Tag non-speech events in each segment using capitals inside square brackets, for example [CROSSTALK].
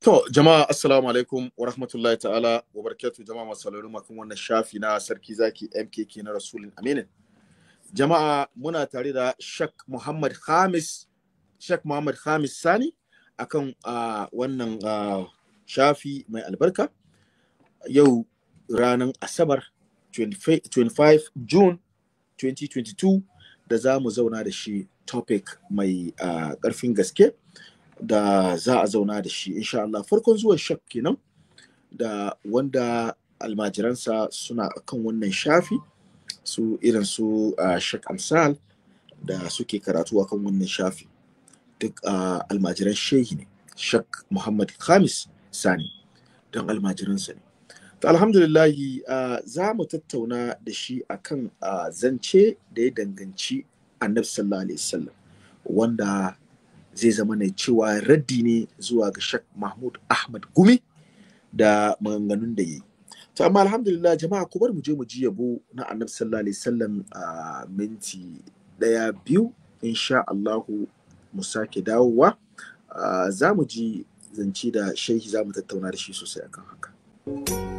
To jama'a assalamu alaikum wa rahmatullahi ta'ala wa barakatuh jama'a masu sauraron makon wannan shafi na sarki zaki MKK na Rasulun Aminin. Jama'a muna tare da Shak Muhammad Hamis Shak Muhammad Hamis Sani akan wannan shafi mai albarka yau ranar Asabar 25, June 2022 da za mu zauna da shi topic mai uh, ƙarfin gaske. da za a zauna da shi insha Allah farkon zuwa shak kenan da wanda almajiransa suna kan wannan shafi su irin su shak amsal da suke karatu akan wannan shafi duk almajiran shehi ne shak muhammad khamis sani don almajiransa ne to alhamdulillah za mu tattauna da shi akan zance da ya danganci annabi sallallahu alaihi wasallam wanda zai zama ne cewa raddi ne zuwa ga Sheikh Mahmud Ahmad Gumi da maganganun da yi. To amma alhamdulillah jama'a ku bar mu je mu ji yabo na Annabi sallallahu alaihi wasallam a minti daya biyu insha Allahu mu sake dawowa za mu ji zance da shehi za mu tattauna da shi sosai akan haka.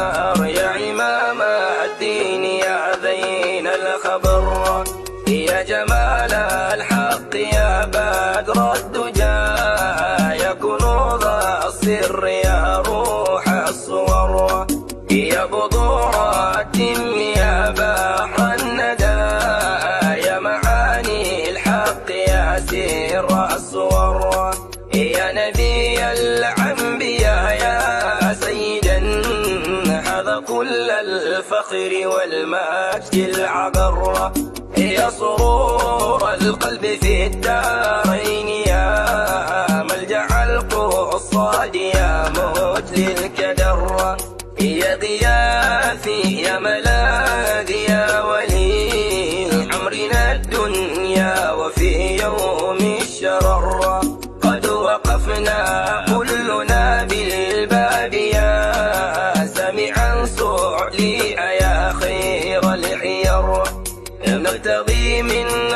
سرور القلب في الدار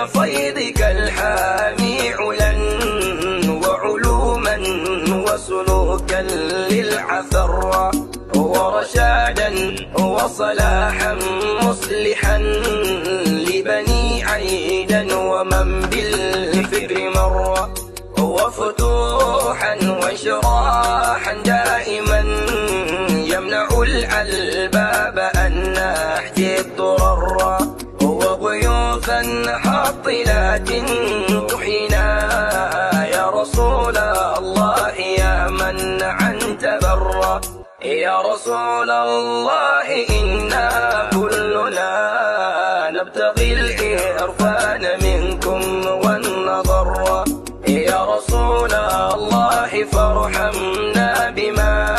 فيضك الحامي علا وعلوما وسلوكا للعثر ورشادا وصلاة معطلات تحينا يا رسول الله يا من عن تبرى يا رسول الله إنا كلنا نبتغي الإرفان منكم والنظر يا رسول الله فارحمنا بما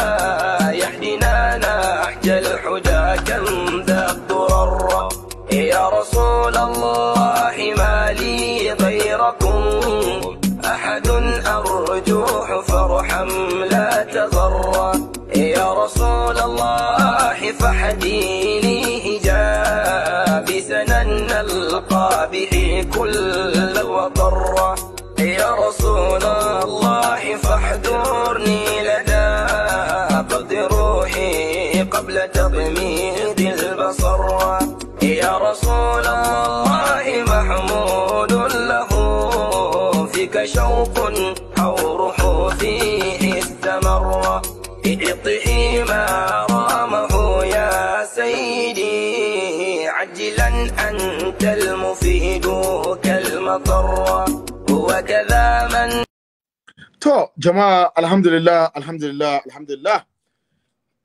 اطعي ما رامه يا سيدي عجلا أنت المفيد كالمطر وكذا من To, jama'a alhamdulillah, alhamdulillah, alhamdulillah.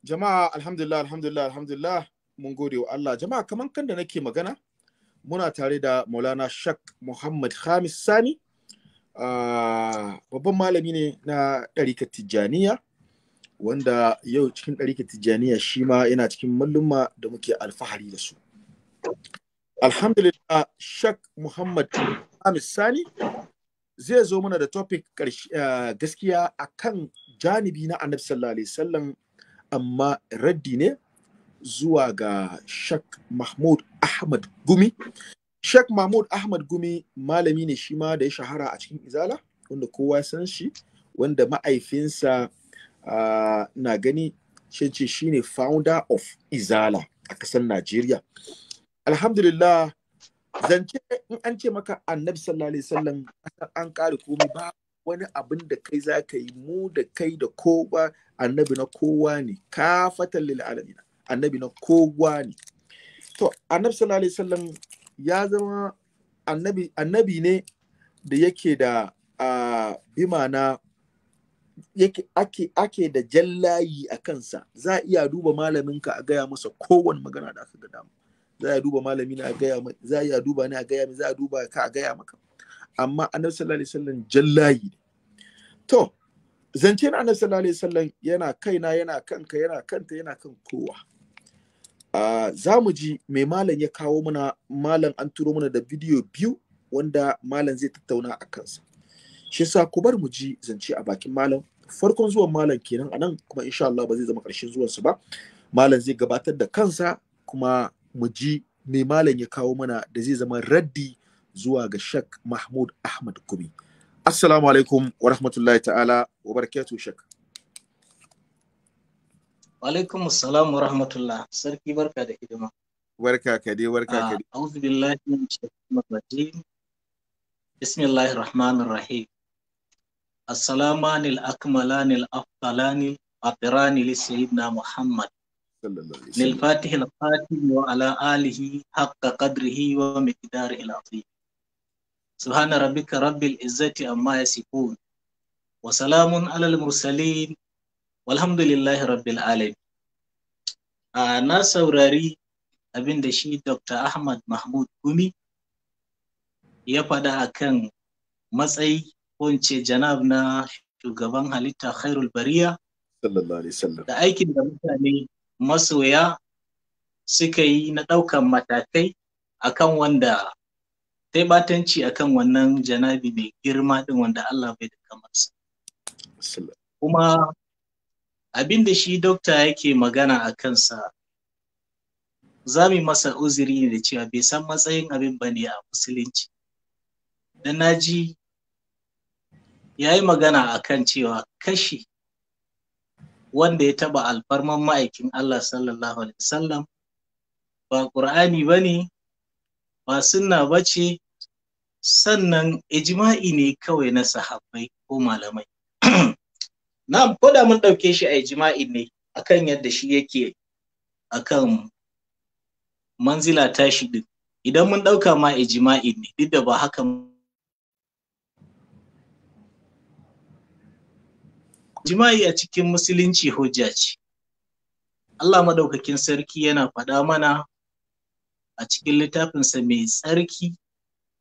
Jama'a alhamdulillah, alhamdulillah, alhamdulillah. Mun gode wa Allah. Jama'a kaman kan da nake magana, muna tare da Maulana Shak Muhammad Hamis Sani, babban malami ne na ɗarika Tijjaniya, wanda yau cikin ɗarike tijjaniya shi ma yana cikin mallumma da muke alfahari da su alhamdulillah shak muhammad hamis sani zai zo mana da topic eh, gaskiya akan janibi na annabi sallallahu alaihi wasallam amma raddi ne zuwa ga shak mahmud ahmad gumi shak mahmud ahmad gumi malami ne shi ma da ya shahara a cikin izala wanda kowa ya san shi wanda ma'aifinsa na gani shi ce shine founder of izala a kasar najeriya alhamdulillah zance in an ce maka annabi sallallahu alaihi wasallam an kare komai ba wani abin da kai za ka yi mu da kai da kowa annabi na kowa ne Ka fatan lil alamin annabi na kowa ne to annabi sallallahu alaihi wasallam ya zama annabi annabi ne da yake da bima na yake ake ake da jallayi a kansa za a iya duba malaminka a gaya masa kowane magana da aka gada dama za a duba malami na a gaya za a iya duba ni a gaya za a duba ka a gaya maka amma annabi sallallahu alaihi wasallam jallayi to zance na annabi sallallahu alaihi wasallam yana kaina yana kanka yana kanta yana kan kowa a za mu ji mai malam ya kawo mana malam an turo mana da bidiyo biyu wanda malam zai tattauna a kansa shi sa ku bar mu ji zance a bakin malam farkon zuwan malam kenan a nan kuma insha Allah ba zai zama ƙarshen zuwansu ba malam zai gabatar da kansa kuma mu ji me malam ya kawo mana da zai zama raddi zuwa ga Sheikh Mahmud Ahmad Gumi Assalamu alaikum wa rahmatullahi ta'ala wa barakatuh Sheikh Wa alaikum assalam wa rahmatullah sarki barka da hidima Barka ka dai barka ka ah, dai A'udhu billahi minash shaitanir rajim Bismillahir rahmanir rahim السلامان الأكملان الأفضلان الأطران لسيدنا محمد للفاتح الخاتم وعلى آله حق قدره ومقداره العظيم سبحان ربك رب العزة عما يصفون وسلام على المرسلين والحمد لله رب العالمين na saurari abin da shi Dr. Ahmad Mahmud Gumi ya faɗa akan matsayi ko in ce janab na shugaban halitta khairul bariya da aikin da mutane masoya suka yi na ɗaukan matakai akan wanda sai batanci akan wannan janabi mai girma din wanda Allah bai da kamarsa. Kuma abin da shi dokta yake magana a kansa za mu masa uzuri da cewa bai san matsayin abin ba ne a musulunci. Da na ji ya yi magana a kan cewa kashi wanda ya taba alfarman ma'aikin Allah sallallahu alaihi wasallam ba ƙur'ani ba ne ba suna ba ce sannan ijma'i ne kawai na sahabbai ko malamai [CLEARS THROAT] na'am ko da mun ɗauke shi a ijma'i ne akan yadda shi yake akan manzila tashi din idan mun ɗauka ma ijma'i ne duk da ba haka jima'i a cikin musulunci hujja ce Allah madaukakin sarki yana faɗa mana a cikin littafinsa mai tsarki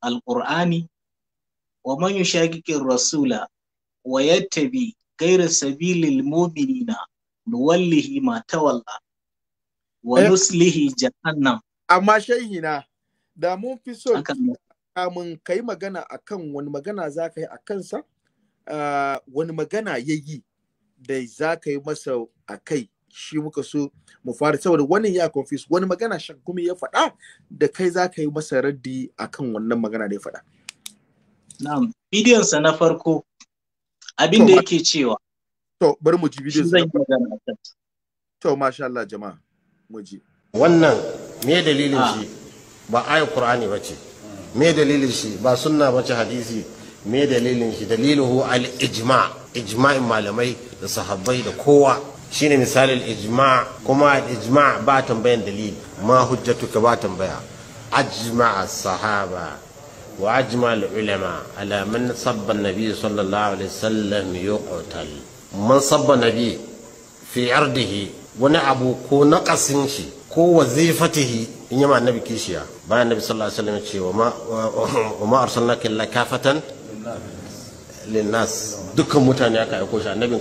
alƙur'ani wa man yushaqiqir rasula wa yattabi ghayra sabilil mu'minina nuwallihi ma tawalla wa eh. nuslihi jahannam amma na, da mun fi so kamun kai magana akan wani magana za ka yi a kansa ah, wani magana ya yi da za ka yi masa a kai shi muka so mu fara saboda wannan ya confuse wani magana shan kuma ya faɗa da kai za ka yi masa raddi kan wannan magana da ya faɗa. Na'am, na farko abin da yake cewa. To, bari mu ji bidiyon sa. To, masha Allah jama'a, mu ji. Wannan me dalilin ah. shi ba ayat Qur'ani ba ce. Me dalilin shi ba sunna ba ce hadisi. Me dalilin shi dalilu al-ijma' اجماع معلمي لصحابي لكوا شين مثال الاجماع كما الاجماع باتم بين دليل ما هجتك باتم بها اجمع الصحابه واجمع العلماء على من صب النبي صلى الله عليه وسلم يقتل من صب النبي في عرضه ونعبو كو شي كو وظيفته إنما النبي كيشيا بان النبي صلى الله عليه وسلم وما, وما أرسلناك إلا كافة linnas dukkan mutane aka aiko shi annabin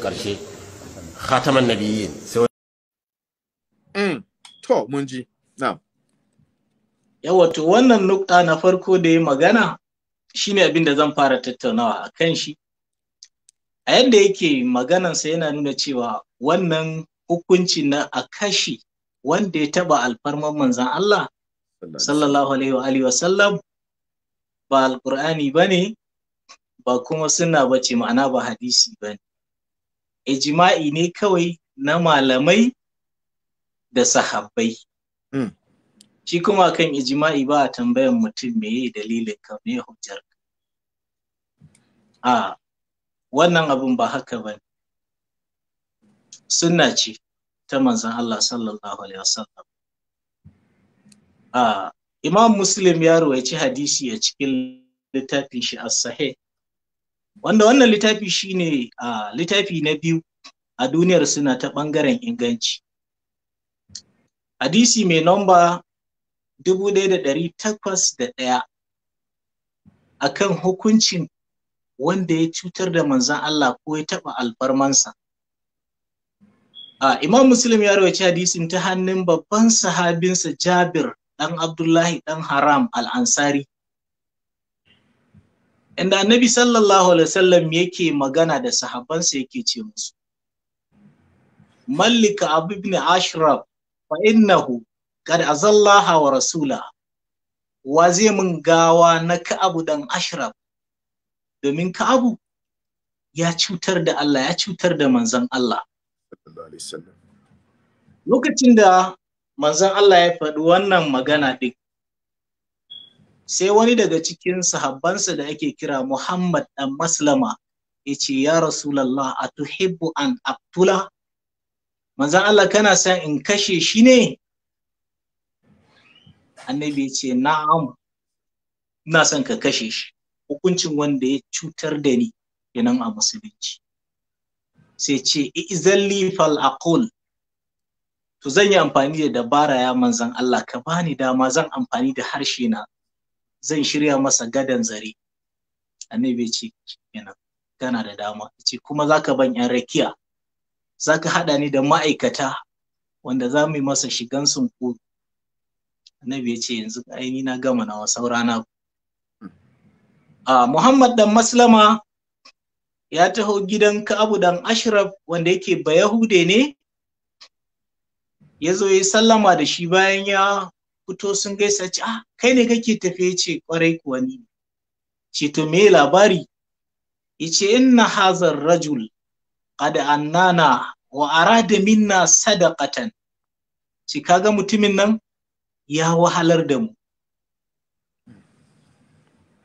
mm, wannan nukta na farko da ya magana shine abin da zan fara tattaunawa a kan shi a yadda yake sa yana nuna cewa wannan hukunci na a kashi wanda ya taba alfarman manzan Allah sallallahu alaihi wa sallam ba alkur'ani ba ne ba kuma sunna ba ce ma'ana ba hadisi ba ne Ijima'i ne kawai na malamai da sahabbai hmm. shi kuma kan ijima'i ba a tambayan mutum meye dalilin ka me hujjar a wannan abin ba haka ba ne sunna ce ta manzan Allah sallallahu alaihi wasallam Imam Muslim ya ruwaici hadisi a cikin littafin shi as-sahih wanda wannan littafi shine a littafi na biyu a duniyar suna ta ɓangaren inganci hadisi mai nomba 1801 akan hukuncin wanda ya cutar da manzan Allah ko ya taɓa alfarmansa Uh, Imam Muslim ya rawaci hadisin ta hannun babban sahabinsa Jabir ɗan Abdullahi ɗan Haram al-Ansari inda annabi sallallahu alaihi wasallam yake magana da sahabbansa yake ce musu mallika abu ibn ashraf fa innahu kad azallaha wa rasula wa zai min gawa na ka'abu dan ashraf domin ka'abu ya cutar da Allah ya cutar da manzon Allah lokacin da manzon Allah ya faɗi wannan magana ɗin sai wani daga cikin sahabbansa da ake kira Muhammad dan Maslama ya ce ya Rasulallah a tuhibbu an abtula manzan Allah kana sa in kashe shi ne annabi ya ce na'am ina son ka kashe shi hukuncin wanda ya cutar da ni kenan a musulunci sai ce izalli fal aqul to zan yi amfani da dabara ya manzan Allah ka bani dama zan amfani da harshe na zan shirya masa gadon zare annabi ya ce kenan kana da dama ce kuma zaka ban yan rakiya zaka haɗa ni da ma'aikata wanda za mu yi masa shigan sunku annabi ya ce yanzu ni na gama nawa saurana a muhammad dan maslama ya taho gidan ka'abu dan ashraf wanda yake bayahude ne ya zo ya sallama da shi bayan ya fito sun gaisa ce ah kai ne kake tafe ce kwarai kuwa ni ce to me labari yace inna hazar rajul qad annana wa arada minna sadaqatan ce kaga mutumin nan ya wahalar da mu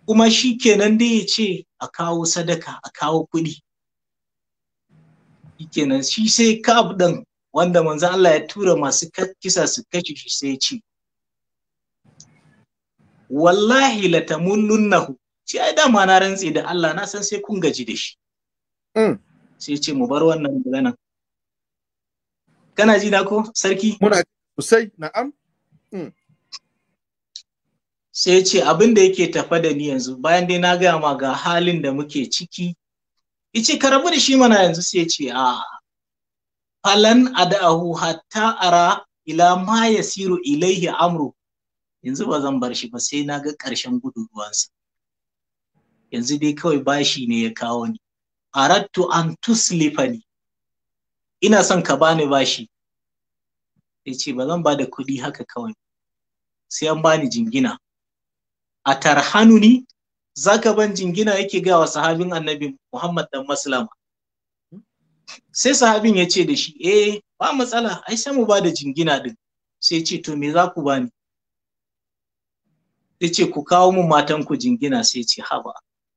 kuma shi kenan dai ya ce a kawo sadaka a kawo kuɗi kenan shi sai ka ɗin wanda manzo Allah ya tura masu kisa su kashe shi sai ya ce wallahi latamunnahu shi ai dama na rantse da Allah na san sai kun gaji da shi mm. sai ce mu bar wannan magana kana ji na ko sarki muna sosai na'am mm. sai ce abin da yake tafa da ni yanzu bayan dai na gaya ma ga halin da muke ciki ice ka rabu da shi mana yanzu sai ce a falan ad'ahu hatta ara ila ma yasiru ilaihi amru yanzu ba zan bar shi ba sai na ga ƙarshen gudun yanzu dai kawai bashi ne ya kawo ni arattu an ni ina son ka bani bashi ya ce ba zan ba da kuɗi haka kawai sai an bani jingina a tarhanuni zaka ban jingina yake ga wa sahabin annabi Muhammad dan Maslama sai sahabin ya ce da shi eh ba matsala ai sai mu ba jingina din sai ce to me za ku bani ya ce ku kawo mun matan ku jingina sai ce haba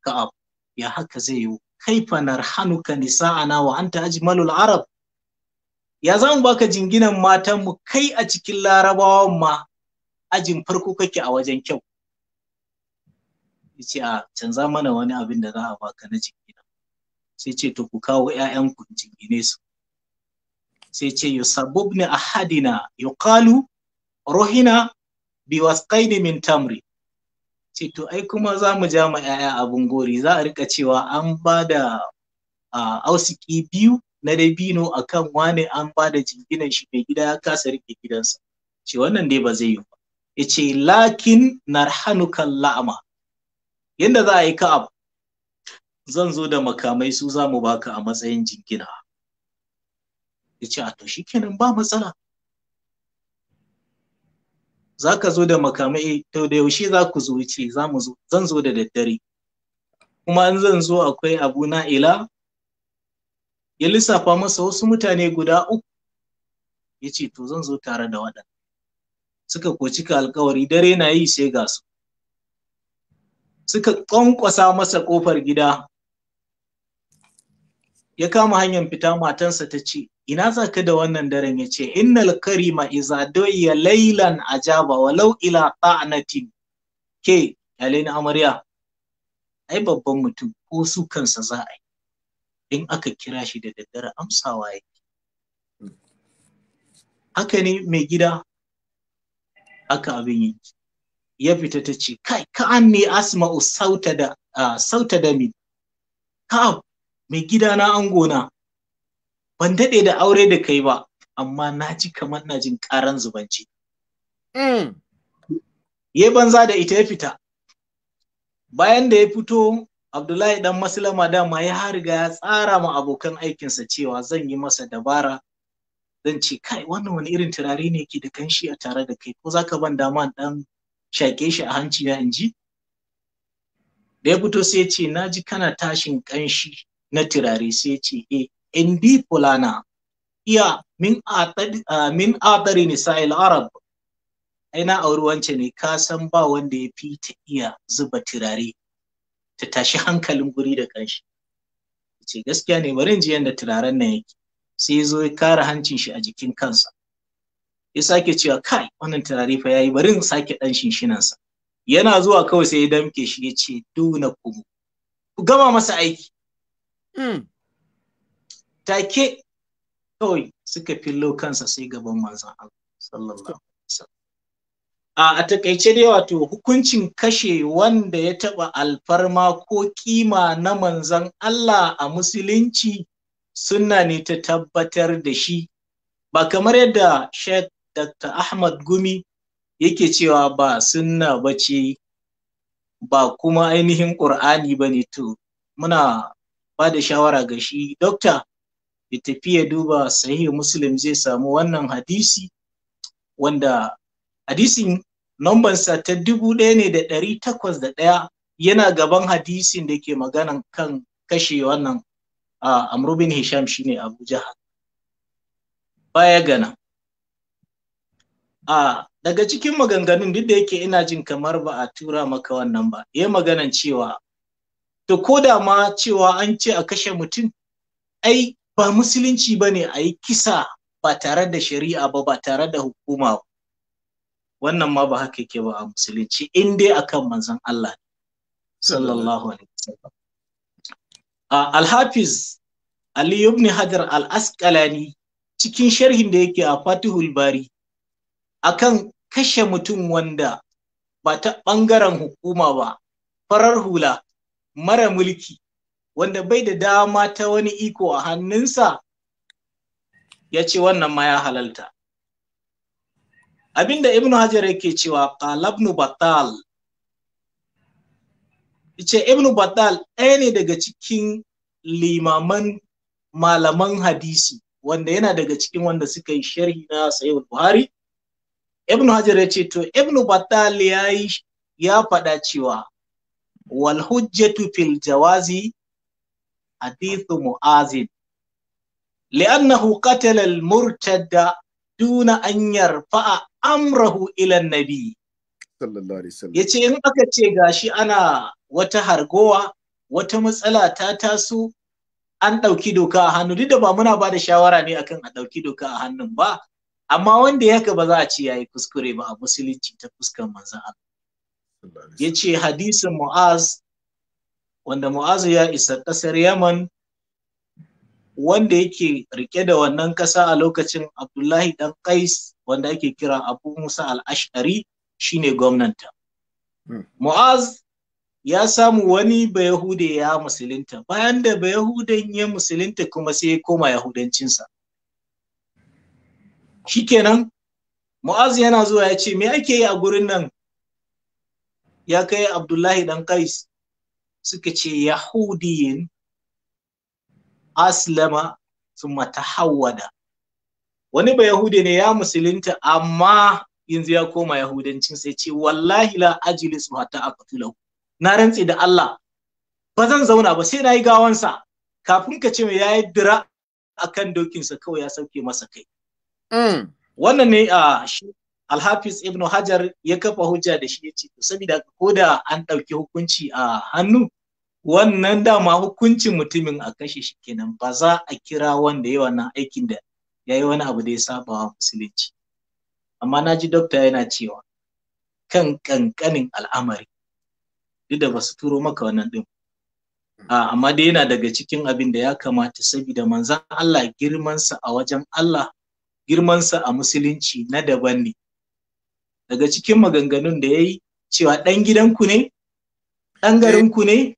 abu ya haka zai yi kaifa narhanuka nisa'ana wa anta ajmalul arab ya za mu baka jinginan matan mu kai a cikin larabawan ma ajin farko kake a wajen kyau yace a canza mana wani abin da za a baka na jingina sai ce to ku kawo ƴaƴan ku jingine su sai ce yusabbubni ahadina yuqalu ruhina biwasqaini min tamri ce to ai kuma za mu ja ma 'ya'ya abin gori za a rika cewa an ba da ausiki biyu na dabino a kan wane an ba da jinginan shi mai gida ya kasa rike gidansa ce wannan dai ba zai yi ba ya ce lakin narhanukan la'ama yadda za a yi ka abu. zan zo da makamai su za mu baka a matsayin jingina ya ce a to kenan ba matsala za ka zo da makamai to da yaushe za ku zo ce zan zo da daddare kuma an zan zo akwai abu na ila ya lissafa masa wasu mutane guda uku ya ce to zan zo tare da waɗanda suka ko cika alkawari dare na yi sai ga su suka ƙwanƙwasa masa ƙofar gida ya kama hanyar fita matansa ta ce ina za ka da wannan daren ya ce innal karima iza doya lailan ajaba walau ila ta'natin ke yalin amarya ai babban mutum ko su kansa za a yi in aka kira shi da daddare amsawa yake haka ne mai gida haka abin yi ya fita ta ce kai ka an ne asma'u sauta da sauta da ka mai gidana angona ban daɗe da aure da kai ba amma na ji kamar na jin ƙaran zubanci mm. ya banza da ita ya fita bayan da ya fito abdullahi dan maslama dama ya riga ya tsara ma abokan aikinsa cewa zan yi masa dabara zan ce kai wannan wani irin turare ne ke da kanshi a tare da kai ko zaka ban dama dan shaƙe shi a hanci na inji da ya fito sai ce na ji kana tashin kanshi na turare sai ce e indi fulana iya min ah, atari nisa'il arab aina auri wance ne ka san ba wanda ya fita iya zuba turare ta tashi hankalin guri da kanshi ce gaskiya ne barin jiyan ji yadda turaren nan yake sai zo ya kare hancin shi a jikin kansa ya sake cewa kai wannan turare fa yayi bari in sake dan shinshinansa yana zuwa kawai sai ya damke shi ya ce duna kuma ku gama masa aiki Hmm. take kawai suka fillo kansa sai gaban manzon Allah sallallahu a takaice dai wato hukuncin kashe wanda ya taɓa alfarma ko kima na manzon Allah a musulunci sunna ne ta tabbatar da shi ba kamar yadda Sheikh Dr. Ahmad Gumi yake cewa ba sunna ba ce ba kuma ainihin ƙur'ani ba ne to muna ba da shawara ga shi dokta ya tafi ya duba sahihu muslim zai samu wannan hadisi wanda hadisin numbansa ta dubu ɗaya ne da ɗari takwas da ɗaya yana gaban hadisin da ke maganan kan kashe wannan uh, amrubin hisham shine abu jahal baya gana A daga cikin maganganun duk da yake ina jin kamar ba a tura maka wannan ba ya maganan cewa to ko da ma cewa an ce a kashe mutum ai ba musulunci ba ne a yi kisa ba tare da shari'a ba ba tare da hukuma ba wannan ma ba haka yake ba a musulunci in dai akan manzon Allah sallallahu alaihi wasallam al Ali ibn Hajar Al-Asqalani cikin sharhin da yake a Fatihul Bari akan kashe mutum wanda ba ta bangaren hukuma ba farar hula mara mulki wanda bai da dama ta wani iko a hannunsa ya ce wannan ma ya halalta abinda ibn hajar yake cewa qalabnu batal ce ibn batal ɗaya ne daga cikin limaman malaman hadisi wanda yana daga cikin wanda suka yi sharhi na sayyid buhari ibn hajar ya ce to ibn batal ya yi ya faɗa cewa wal hujjatu fil jawazi hadithu mu'azid li'annahu qatala al murtadda duna an yarfa'a amrahu ila nabi sallallahu alaihi wasallam yace in aka ce gashi ana wata hargowa wata matsala ta taso an ɗauki doka a hannu duk da ba muna ba da shawara ne akan a ɗauki doka a hannun ba amma wanda ya haka ba za a ce yayi kuskure ba a musulunci ta fuskar manzo Allah ya ce hadisin mu'az wanda Mu'az ya isa ƙasar yaman wanda yake rike da wannan ƙasa a lokacin abdullahi dan qais wanda ake kira abu musa al-ash'ari shine gwamnanta hmm. mu'az ya samu wani bayahude ya musulunta bayan da bayahudan ya musulunta kuma sai ya koma yahudancinsa shikenan mu'az yana zuwa ya ce me ake yi a gurin nan ya kai abdullahi dan kais suka ce yahudiyin aslama thumma tahawwada wani ba yahudi ne ya musulunta amma yanzu ya koma yahudancin sai ce wallahi la ajlis a aqtulahu na rantse da Allah ba zan zauna ba sai na nayi gawansa kafin ka ce mai yayi dira akan dokinsa kawai ya sauke masa kai mm. wannan ne a ah, Alhafiz Ibn Hajar ya kafa hujja da shi ya ce, saboda ko da an ɗauki hukunci a hannu, wannan dama hukuncin mutumin a kashe shi kenan ba za a kira wanda ya wannan aikin da ya yi wani abu da ya saba wa musulunci. Amma na ji dokta yana cewa kan ƙanƙanin al'amari, duk da ba su turo maka wannan ɗin. Amma dai yana daga cikin abin da ya kamata saboda manzan Allah girmansa a wajen Allah girmansa a musulunci na daban ne daga cikin maganganun da ya yi cewa ɗan gidanku ne ɗan garinku ne eh,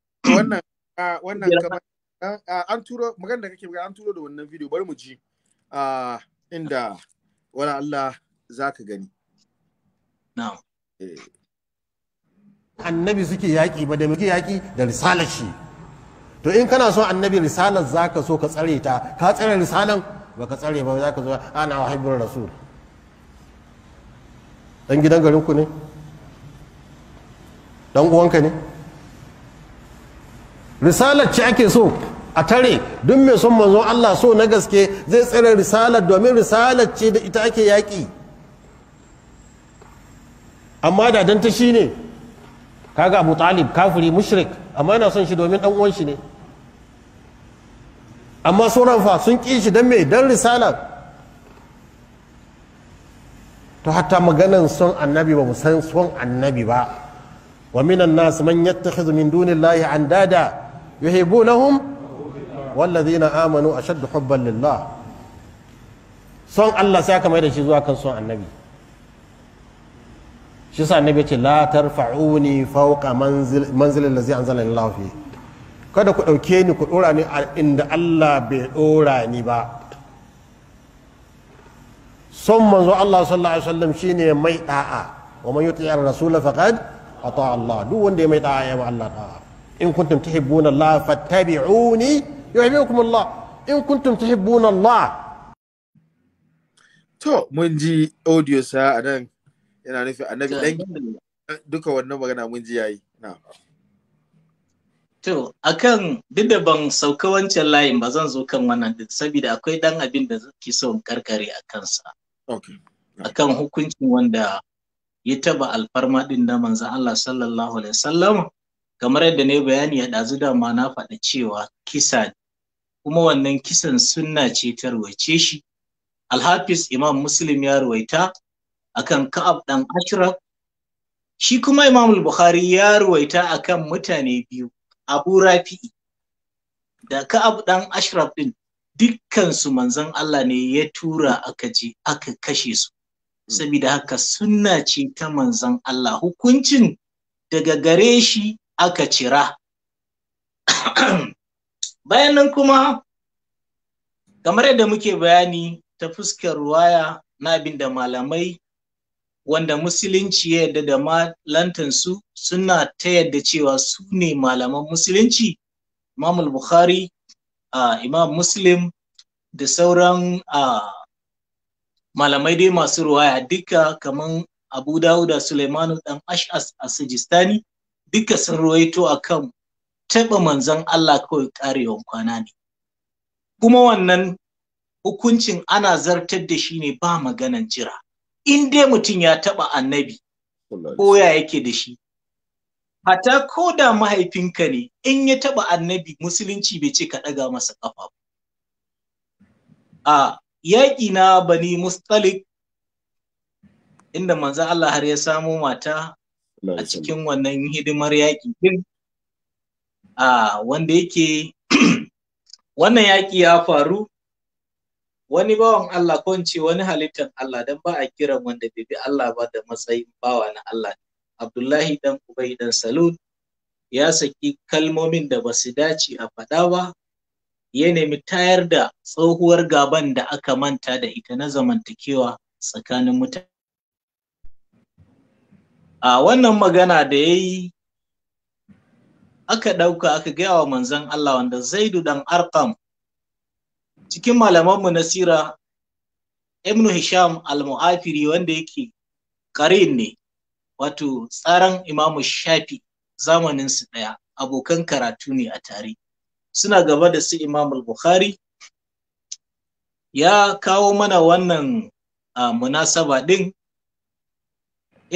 wannan ah, kamar ah, ah, da kake magana an turo da wannan bidiyo bari mu ji inda wala Allah za ka gani eh. annabi suke yaƙi ba da muke yaƙi da risalar shi to in kana so annabi risalar za ka so ka tsare ta ka tsare risalar ba ka tsare ba za ka zo ana wahibbin rasul dan gidan garinku ne dan uwanka ne risalar ce ake so a tare duk mai son manzon Allah so na gaske zai tsere risalar domin risalar ce da ita ake yaƙi amma da dan ta shine kaga Abu Talib kafiri mushrik amma yana son shi domin dan uwan shi ne amma sauran fa sun ƙi shi dan mai dan risalar to hatta maganan son annabi ba mu san son annabi ba wa minan nas man yattakhidhu min dunillahi andada yuhibbunahum walladhina amanu ashaddu hubban lillah son Allah sai aka mai da shi zuwa kan son annabi shi sa annabi ce la tarfa'uni fawqa manzilin lazi anzala Allah fi kada ku dauke ni ku dora ni inda Allah bai dora ni ba son manzo Allah sallallahu alaihi wasallam shine mai da'a wa man yuti ar-rasul faqad ata Allah duk wanda ya mai da'a ya Allah da'a in kuntum tuhibbuna Allah fattabi'uni yuhibbukum Allah in kuntum tuhibbuna Allah to mun ji audio sa a nan yana nufi annabi dan duka wannan magana mun ji yayi na to akan duk da ban sauka wancan layin ba zan zo kan wannan din saboda akwai dan abin da ke so in karkare a kansa akan hukuncin wanda ya taba alfarma din na manzo Allah sallallahu alaihi wasallam kamar yadda ne bayani ya ɗazu da ma na faɗa cewa kisa kuma wannan kisan sunna ce ta ruwaice shi alhafiz imam muslim ya ruwaita akan ka'ab ɗan ashraf shi kuma imam bukhari ya ruwaita akan mutane biyu abu rafi'i da ka'ab ɗan ashraf ɗin dukkansu manzon Allah ne ya tura aka je aka kashe su hmm. saboda haka sunna ce ta manzon Allah hukuncin daga gare shi aka cira [CLEARS THROAT] bayan nan kuma kamar yadda muke bayani ta fuskar ruwaya na abin da malamai wanda musulunci ya yadda da malantansu suna ta yadda cewa su ne malaman musulunci imamul bukhari uh, imam muslim da sauran uh, malamai dai masu ruwaya duka kaman abu dawuda suleimanu dan ash'as a sijistani duka sun ruwaito akan taɓa manzon allah kawai ƙarewan kwana ne kuma wannan hukuncin ana zartar da shi ne ba maganan jira in dai mutum ya taɓa annabi ko ya yake da shi hata ko da mahaifinka ne in ya taba annabi musulunci bai ce ka ɗaga masa ƙafa a yaƙi na bani mustalik inda manzo Allah har ya samo mata a cikin wannan hidimar yaƙi din a wanda yake [CLEARS THROAT] wannan yaƙi ya faru wani bawan Allah ko ce wani halittar Allah dan ba a kiran wanda bai bi Allah ba da matsayin bawa na Allah Abdullahi dan Ubay dan Salud ya saki kalmomin da ba su dace a faɗa ba ya nemi tayar da tsohuwar gaban da aka manta da ita na zamantakewa tsakanin mutane. A wannan magana da ya yi aka ɗauka aka gaya wa manzon Allah wanda Zaidu dan Arqam cikin malamanmu na sira Ibn Hisham al-Mu'afiri wanda yake ƙarin ne wato tsaran imamu shafi zamanin su ɗaya abokan karatu ne a tare suna gaba da su imamu bukhari ya kawo mana wannan uh, munasaba ɗin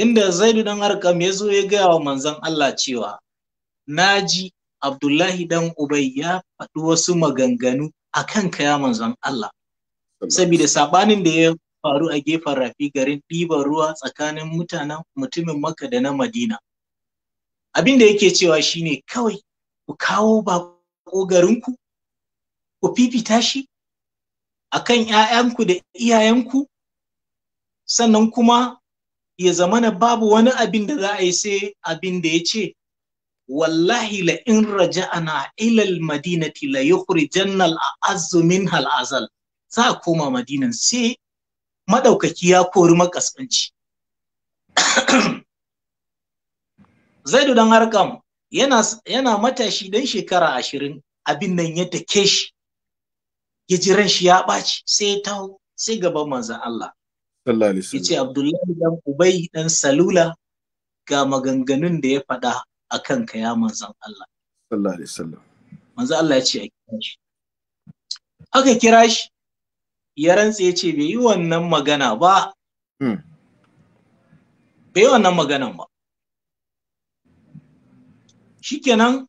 inda zaidu dan arkam ya zo ya gaya wa manzon Allah cewa naji abdullahi dan ubay ya faɗi wasu maganganu a kan kaya manzon Allah saboda saɓanin da ya faru a gefen rafi garin ɗiban ruwa tsakanin mutanen mutumin Makka da na Madina. Abin da yake cewa shine kawai ku kawo baƙo garinku, ku fifita shi a kan ‘ya'yanku da iyayenku, sannan kuma ya zamana babu wani abin da za a yi sai abin da ya ce, Wallahi la in ana ilal madinati la yukhrijanna al-a'azzu Za a koma madinan sai maɗaukaki ya kori makasanci. zaidu dan harkam yana, yana matashi dan shekara ashirin abin nan ya take shi ya ji ran shi ya ɓaci sai ya taho sai gaban manzan Allah ya ce abdullahi dan ubai dan salula ga maganganun da ya faɗa a ka ya manzan Allah manzan Allah ya ce a kira shi aka kira shi ya rantse ya ce bai yi wannan magana ba hmm. bai yi wannan maganan ba shikenan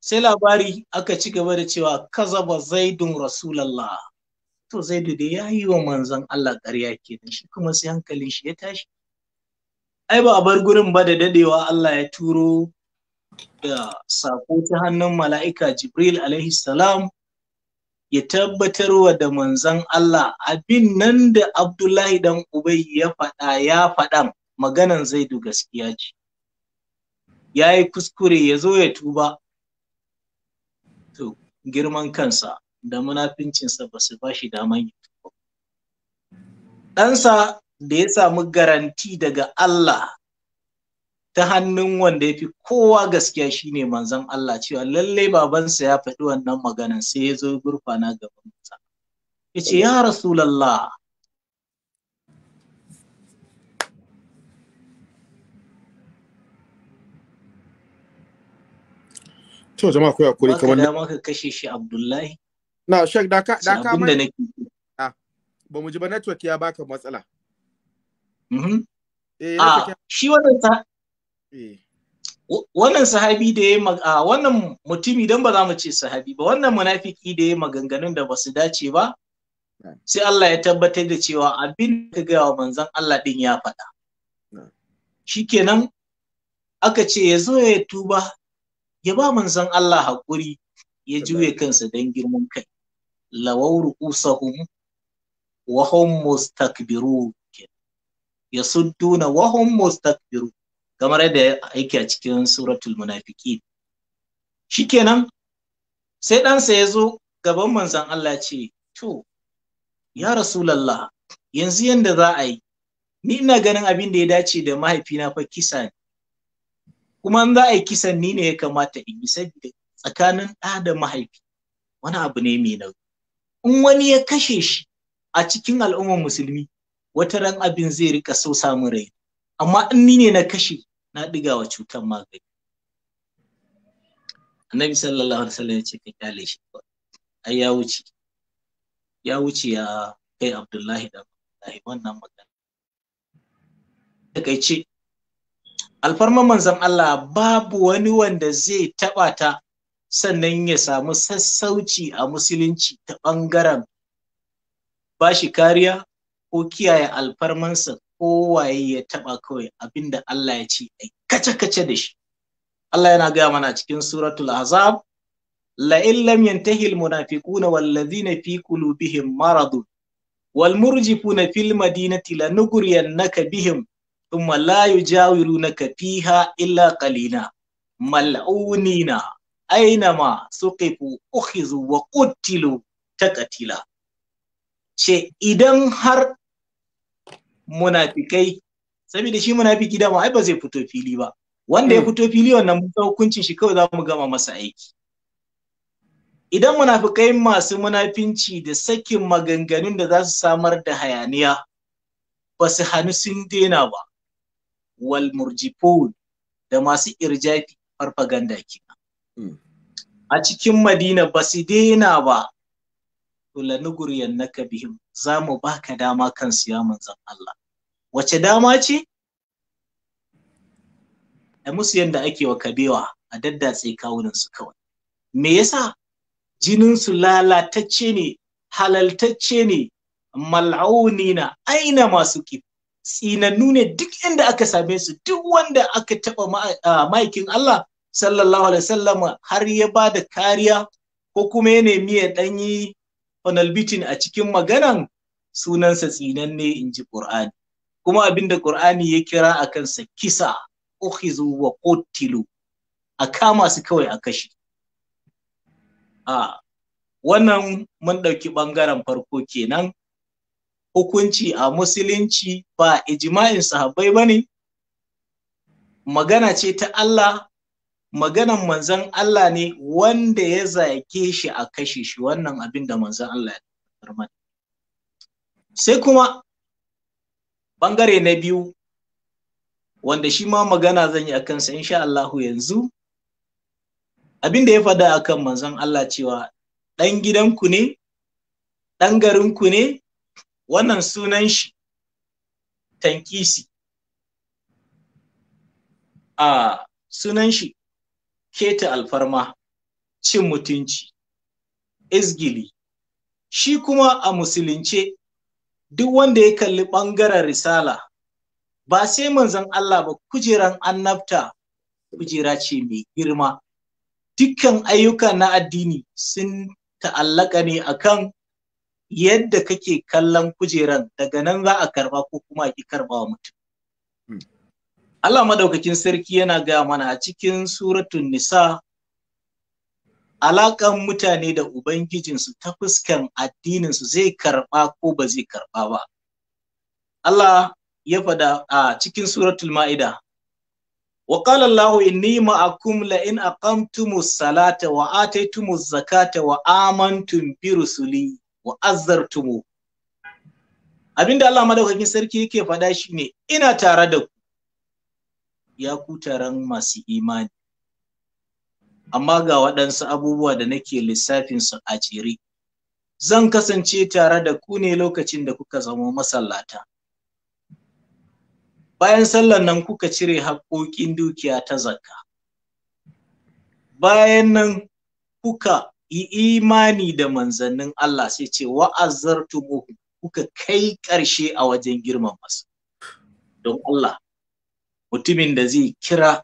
sai labari aka ci gaba da cewa kazaba zaidun rasulallah to zaidu da ya yi wa manzon Allah ƙarya kenan shi kuma sai hankalin shi ya tashi ai ba a bar gurin ba da dadewa Allah ya turo da sako ta hannun mala'ika Jibril alaihi salam ya tabbatarwa da manzan Allah abin nan da Abdullahi dan Ubay ya faɗa ya faɗan maganan zaidu gaskiya ce. Ya yi kuskure ya zo ya tuba. To, girman kansa da munafincinsa ba su ba shi daman ya tuba. Ɗansa da ya samu garanti daga Allah ta hannun wanda ya fi kowa gaskiya shine manzan Allah cewa lalle babansa ya faɗi wannan maganan sai ya zo gurfana gaban sa ce, ya rasulullah to jama'a ku hakuri kamar da maka kashe shi Abdullahi na shek da ka da ka mai ah, ba mu ji ba network ya baka matsala mhm eh ah, shi wannan Eh. wannan sahabi da ya uh, wannan mutumi don ba za mu ce sahabi ba wannan munafiki da ya maganganun da ba su dace ba sai Allah ya tabbatar da cewa abin da ka gaya wa manzon Allah din ya faɗa shikenan aka ce ya zo ya tuba ya ba manzon Allah haƙuri ya juye kansa don girman kai lawar usahum wa hum mustakbirun yasudduna wa hum mustakbirun kamar yadda aiki a cikin suratul munafiki shikenan sai ɗansa ya zo gaban manzon Allah ce to ya rasulallah yanzu yanda za a yi ni ina ganin abin da ya dace da mahaifina fa kisa ne kuma in za a yi kisan ni ne ya kamata in yi saboda tsakanin ɗa da mahaifi wani abu ne mai nauyi in wani ya kashe shi a cikin al'ummar musulmi wata ran abin zai rika so samun rai amma in ni ne na kashe na ɗiga wa cutar magani annabi sallallahu alaihi wasallam ya ce ka kyale shi ai ya wuce ya wuce ya kai abdullahi da abdullahi wannan magana takaice alfarman manzon Allah babu wani wanda zai taɓa ta sannan ya samu sassauci a musulunci ta ɓangaren bashi kariya ko kiyaye alfarmansa kowaye ya taba kawai abinda Allah ya ce ai kace kace da shi Allah yana gaya mana cikin suratul azab la in lam yantahi wal walladhina fi qulubihim maradun wal murjifuna fil madinati lanughriyannaka bihim thumma la yujawirunaka fiha illa qalina mal'unina ainama suqifu ukhizu wa qutilu takatila ce idan har munafikai saboda shi munafiki dama ai ba zai fito fili ba wanda ya hmm. fito fili wannan mun hukuncin shi kawai za mu gama masa aiki idan munafikai masu munafinci da sakin maganganun da za su samar da hayaniya ba su hannu sun daina ba wal murjifun da masu irjafi farfaganda kenan hmm. a cikin madina ba su daina ba naka bihim za mu baka dama kan siya manzan Allah wace dama ce a musu yanda ake wa kabewa a daddatse kawunan su kawai me yasa jinin su lalatacce ne halaltacce ne mal'auni na aina masu ki tsinannu ne duk inda aka same su duk wanda aka taba ma'aikin Allah sallallahu alaihi wasallam har ya ba da kariya ko kuma ya nemi ya ɗanyi onalbitin a cikin maganan sunansa tsinanne in ji ƙur'ani kuma abinda da ƙur'ani ya kira a kansa kisa ukhizu wa tilo, a kama su kawai a kashe a wannan mun ɗauki ɓangaren farko kenan hukunci a musulunci ba ijma'in sahabbai ba ne magana ce ta Allah maganan manzan Allah ne wanda ya zake shi a kashe shi wannan abin da manzan Allah ya tabbatar sai kuma bangare na biyu wanda shi ma magana zan yi a kansa insha Allahu yanzu abin da ya faɗa akan manzan Allah cewa ɗan gidanku ne ɗan garinku ne wannan sunan shi tankisi a ah, sunan shi keta alfarma cin mutunci izgili shi kuma a musulunce duk wanda ya kalli ɓangaren risala ba sai manzon Allah ba kujeran annabta kujera ce mai girma dukkan ayyuka na addini sun ta'allaka ne akan yadda kake kallon kujeran daga nan za a karba ko kuma a ki karba wa mutum hmm. Allah madaukakin sarki yana gaya mana a cikin suratun nisa alaƙan mutane da ubangijinsu ta fuskan addininsu zai karɓa ko ba zai karɓa ba Allah ya fada a cikin suratul ma'ida wa qala Allah inni ma'akum la in aqamtumus salata wa ataytumuz zakata wa amantum bi rusuli wa azzartumu abinda Allah madaukakin sarki yake faɗa shine ina tare da ku ya ku taron masu imani. Amma ga waɗansu abubuwa da nake lissafinsu a jere. Zan kasance tare da ku ne lokacin da kuka zama masallata. Bayan sallar nan kuka cire haƙoƙin dukiya ta zakka. Bayan nan kuka yi imani da manzannin Allah sai ce wa'azartu kuka kai ƙarshe a wajen girmama su. Don Allah, mutumin da zai kira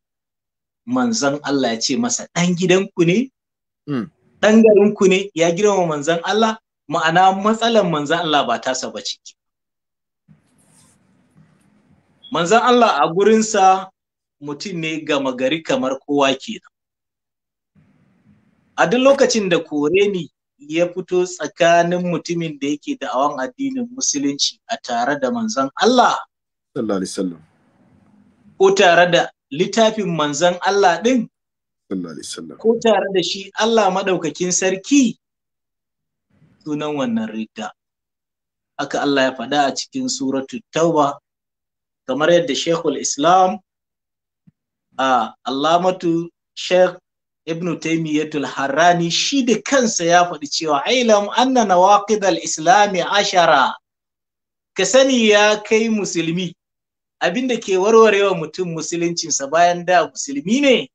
manzan Allah ya ce masa ɗan gidanku ne hmm. ɗan garinku ne ya girma manzan Allah ma'ana matsalar manzan Allah ba tasa ba ce manzan Allah a gurinsa mutum ne gama gari kamar kowa kenan a duk lokacin da kore koreni ya fito tsakanin mutumin da yake da'awan addinin musulunci a tare da manzan Allah sallallahu alaihi wasallam ko tare da littafin manzan Allah ɗin ko tare da shi Allah maɗaukakin sarki sunan wannan ridda aka Allah ya faɗa a cikin suratu tauba kamar yadda shekul islam a allamatu Shek ibn taimiyyatul harrani shi da kansa ya faɗi cewa ailam anna nawaqid al-islami ashara ka sani ya kai musulmi abin da ke warwarewa mutum musuluncinsa bayan da musulmi ne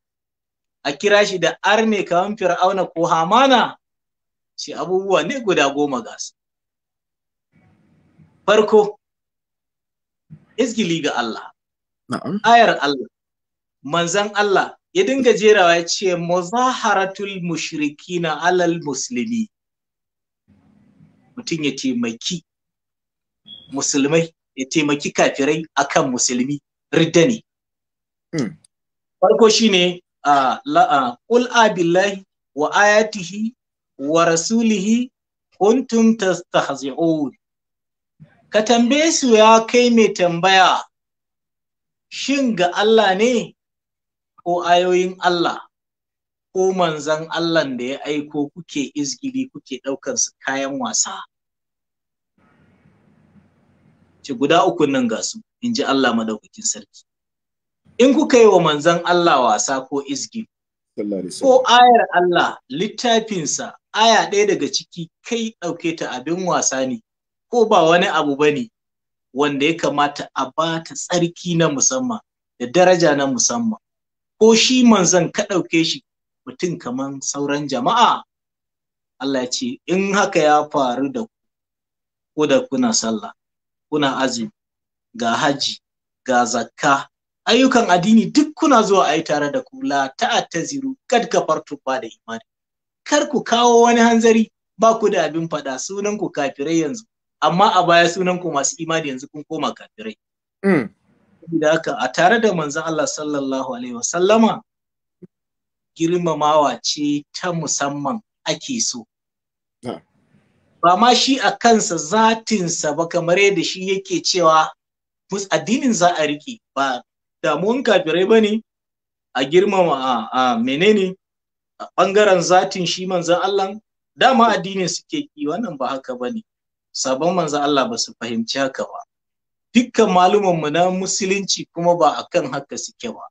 a kira shi da arne kamar fir'auna ko hamana shi abubuwa ne guda goma ga su farko izgili ga Allah ayar Allah manzan Allah ya dinga jerawa ya ce muzaharatul na alal musulmi mutum ya taimaki musulmai ya taimaki kafirai akan musulmi ridda ne hmm. farko shine qul billahi wa ayatihi wa rasulihi kuntum tastahzi'un ka tambaye su ya kai mai tambaya shin ga Allah ne ko ayoyin Allah ko manzan Allah da ya aiko kuke izgili kuke ɗaukansu kayan wasa ce guda uku nan ga su in ji Allah madaukakin sarki in kuka yi wa Manzon Allah wasa ko izgi ko ayar Allah littafinsa aya ɗaya daga ciki kai ɗauke ta abin wasa ne ko ba wani abu ba ne wanda ya kamata a ba ta tsarki na musamman da daraja na musamman ko shi manzan ka ɗauke shi mutum kaman sauran jama'a Allah ya ce in haka ya faru da ku ko da kuna sallah kuna azumi ga haji ga zakka ayyukan addini duk kuna zuwa ayi tare da kula ta attaziru kad farto ba da imani kar ku kawo wani hanzari ba ku da abin faɗa sunan ku kafirai yanzu amma a baya sunan ku masu imani yanzu kun koma kafirai mm. da haka a tare da manzon Allah sallallahu alaihi wasallama girmamawa ce ta musamman ake so ba ma shi a kansa zatinsa ba kamar yadda shi yake cewa addinin za a riƙe ba damuwan kafirai ba ne a girmama a menene a ɓangaren zatin shi manzan Allah dama addinin suke ki wannan ba haka ba ne sabon manzan Allah ba su fahimci haka ba dukkan malumanmu na musulunci kuma ba akan haka suke ba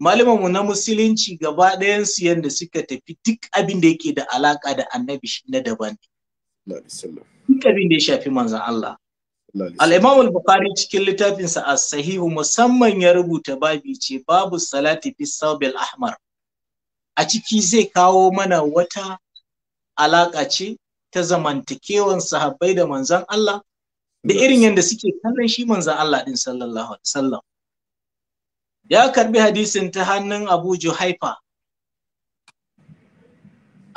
malumanmu na musulunci gaba ɗayansu yadda suka tafi duk abin da yake da alaƙa da annabi shi na daban ne Duk abin da ya shafi manzan Allah. al al-Bukhari cikin littafinsa a sahihu musamman ya rubuta babi ce babu salati fi saubil ahmar. A ciki zai kawo mana wata alaƙa ce ta zamantakewan sahabbai da manzan Allah da irin yadda suke kallon shi manzan Allah ɗin sallallahu alaihi wasallam. Ya karbi hadisin ta hannun Abu Juhaifa.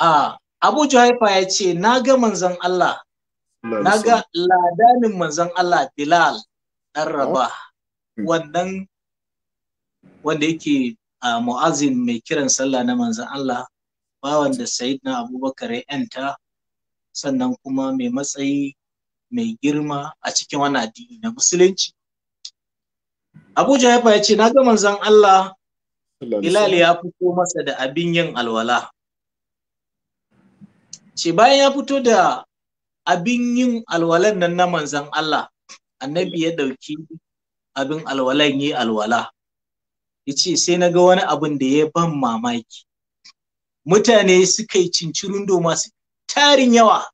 A ah, Abu Juhaifa ya ce na ga manzan Allah na ga ladanin manzan Allah Bilal ɗan raba. Hmm. wannan wanda yake a mu'azin mai kiran sallah na manzan Allah bawan da na Abubakar ya sannan kuma mai matsayi mai girma a cikin wani addini na musulunci. Abu Juhaifa ya ce na ga manzan Allah Bilal ya fito masa da abin yin alwala. ce bayan ya fito da abin yin alwalan nan na manzan Allah annabi ya ɗauki abin alwalan yi alwala ya ce sai na ga wani abin da ya ban mamaki mutane suka yi cincirin su tarin yawa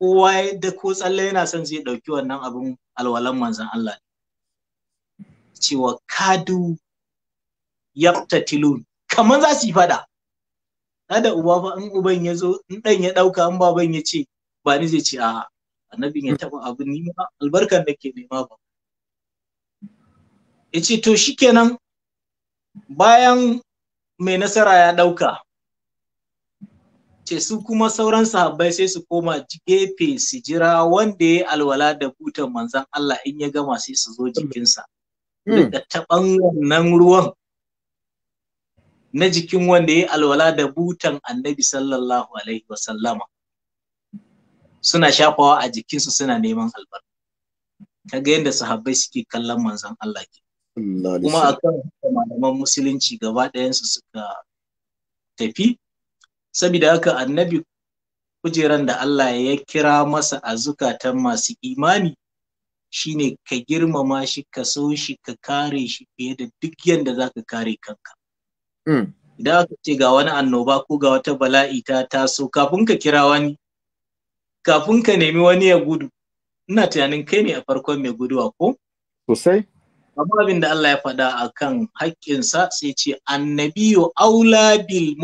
kowa da ko tsalle yana son zai ɗauki wannan abin alwalan manzan Allah cewa kadu yaftatilun kamar za su yi fada kada uba fa in uban ya zo in dan ya dauka in baban ya ce ba ni zai ce a annabin ya taba abu ni ma albarkan da ke nema ba ya ce to shikenan bayan mai nasara ya dauka ce su kuma sauran sahabbai sai su koma gefe su jira wanda ya alwala da butan manzan Allah in ya gama sai su zo jikinsa. Hmm. Da taɓan wannan ruwan na jikin wanda ya alwala da butan annabi sallallahu alaihi wasallama suna shafawa a jikinsu suna neman albarka kaga yadda sahabbai suke kallon manzon Allah ke kuma akan malaman musulunci gaba ɗayansu suka tafi saboda haka annabi kujeran da Allah ya kira masa a zukatan masu imani shine ka girmama shi ka so shi ka kare shi fiye da duk yadda za ka kare kanka Hmm. idan aka ce ga wani annoba ko ga wata bala'i ta taso kafin ka kira wani kafin ka nemi wani ya gudu ina tunanin kai ne a farkon mai guduwa ko sosai amma abin da Allah ya faɗa a kan haƙƙinsa sai ce annabiyu aula bil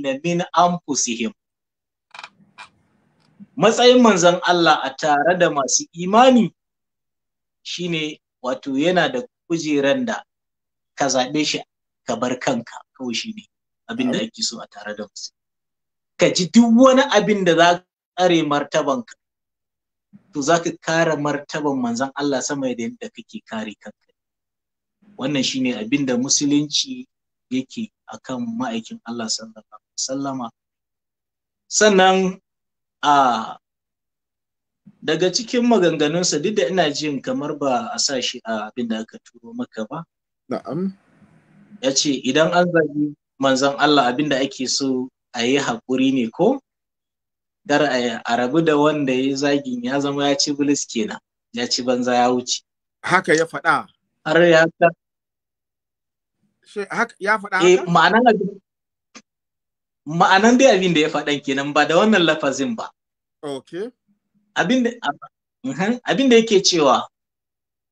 na min anfusihim matsayin manzon Allah a tare da masu imani shine wato yana da kujeran da ka zaɓe shi ka bar kanka kawai shi ne abin da ake so a tare da musu ka ji duk wani abin da za ka kare martaban ka to za ka kare martaban manzon Allah sama da yadda kake kare kanka wannan shi ne abin da musulunci yake akan ma'aikin Allah sallallahu sannan a daga cikin maganganunsa duk da ina jin kamar ba a sa shi a abin da aka turo maka ba na'am ya ce idan an zagi manzon Allah abinda ake so a yi haƙuri ne ko dar a rabu da wanda ya zagin ya zama ya ci bilis kenan ya ci banza ya wuce haka ya faɗa har ya ta ya faɗa eh ma'anan ma'anan dai abin da ya faɗan kenan ba da wannan lafazin ba Ok. abin da mhm, yake cewa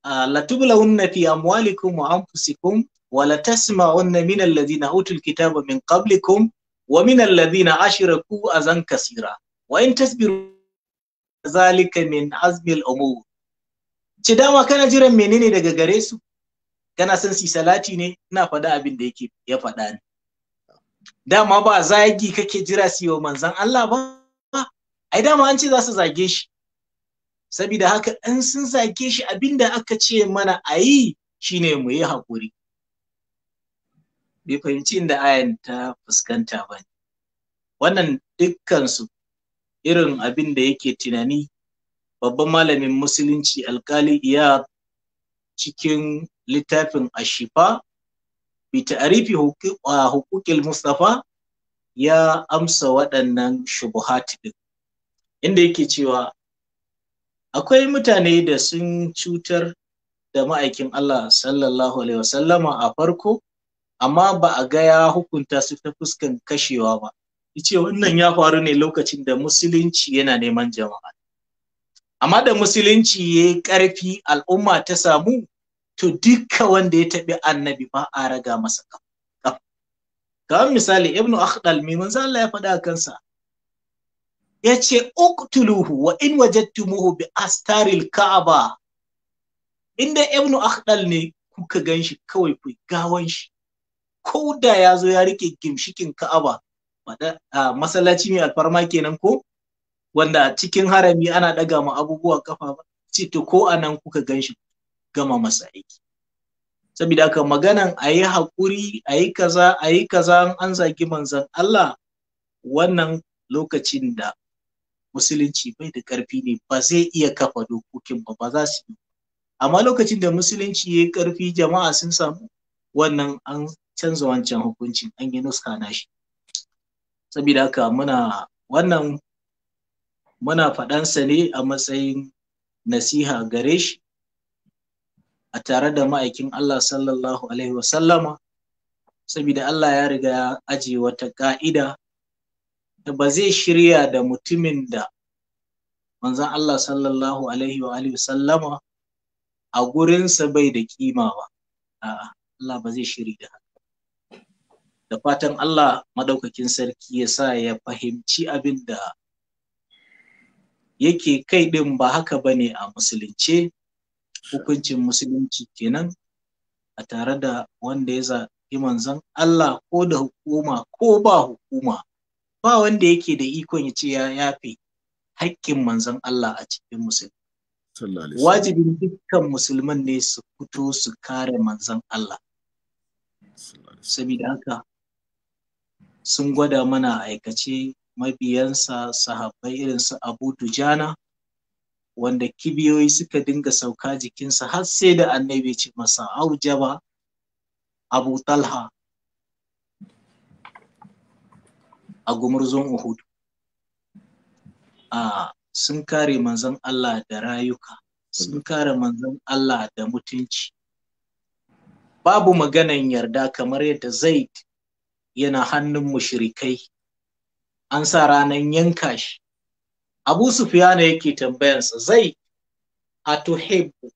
ah, Latubula wunna fi amwalikum wa anfusikum wala tasma'unna min alladhina utul kitaba min qablikum wa min alladhina ashraku azan kasira wa in tasbiru zalika min azmi umur ci dama kana jiran menene daga gare su kana son si salati ne ina faɗa abin da yake ya faɗa ne dama ba zagi kake jira su yi manzan Allah ba ai dama an ce za su zage shi saboda haka in sun zage shi abin da aka ce mana a yi shine muyi yi haƙuri bai fahimci inda ayan ta fuskanta ba ne. wannan dukkansu irin abin da yake tunani babban malamin musulunci alƙali, iya cikin littafin ashifa bi ta'arifi hukukil mustafa ya amsa waɗannan shubuhat din inda yake cewa akwai mutane da sun cutar da ma'aikin Allah sallallahu alaihi wasallama a farko amma ba a ga ya hukunta su ta fuskan kashewa ba yace wannan ya faru ne lokacin da musulunci yana neman jama'a amma da musulunci ya yi ƙarfi al'umma ta samu to dukka wanda ya taɓi annabi ba a raga masa kafa kamar misali ibnu akhdal mai manzo Allah ya faɗa kansa ya ce uktuluhu wa in wajadtumuhu bi astaril ka'aba inda ibnu akhdal ne kuka ganshi kawai ku gawan shi ko da ya zo ya rike gimshikin Ka'aba masallaci mai alfarma kenan ko wanda cikin harami ana daga ma abubuwa kafa ba ce to ko anan kuka shi gama masa aiki saboda haka maganan a yi haƙuri a yi kaza a yi kaza an zagi manzan Allah wannan lokacin da musulunci bai da ƙarfi ne ba zai iya kafa dokokin ba ba za su yi amma lokacin da musulunci ya yi ƙarfi jama'a sun samu wannan an canza wancan hukuncin an yi nuska na shi saboda haka muna wannan muna faɗansa ne a matsayin nasiha gare shi a tare da ma'aikin Allah sallallahu alaihi wasallama saboda Allah ya riga ya aje wata ƙa'ida da ba zai shirya da mutumin da manzon Allah sallallahu alaihi wa alihi a gurinsa bai da kima ba a'a Allah ba zai shiri da haka da fatan Allah madaukakin sarki ya sa ya fahimci abin da yake kai ɗin ba haka ba ne a musulunce hukuncin musulunci kenan a tare da wanda ya zaɓi manzon Allah ko da hukuma ko ba hukuma ba wanda yake da ikon ya ce ya yafe haƙƙin manzon Allah a cikin musulmi. Wajibin dukkan musulman ne su fito su kare manzon Allah. saboda haka sun gwada mana aikace mabiyansa sahabbai irin su abu dujana wanda kibiyoyi suka dinga sauka jikinsa har sai da annabi ce masa aujaba abu talha a gumurzon uhud a sun kare manzon Allah da rayuka sun kare manzon Allah da mutunci babu maganan yarda kamar yadda zaid yana hannun mushrikai an sa ranan yanka shi abu sufiyana yake zai zaid atuhibbu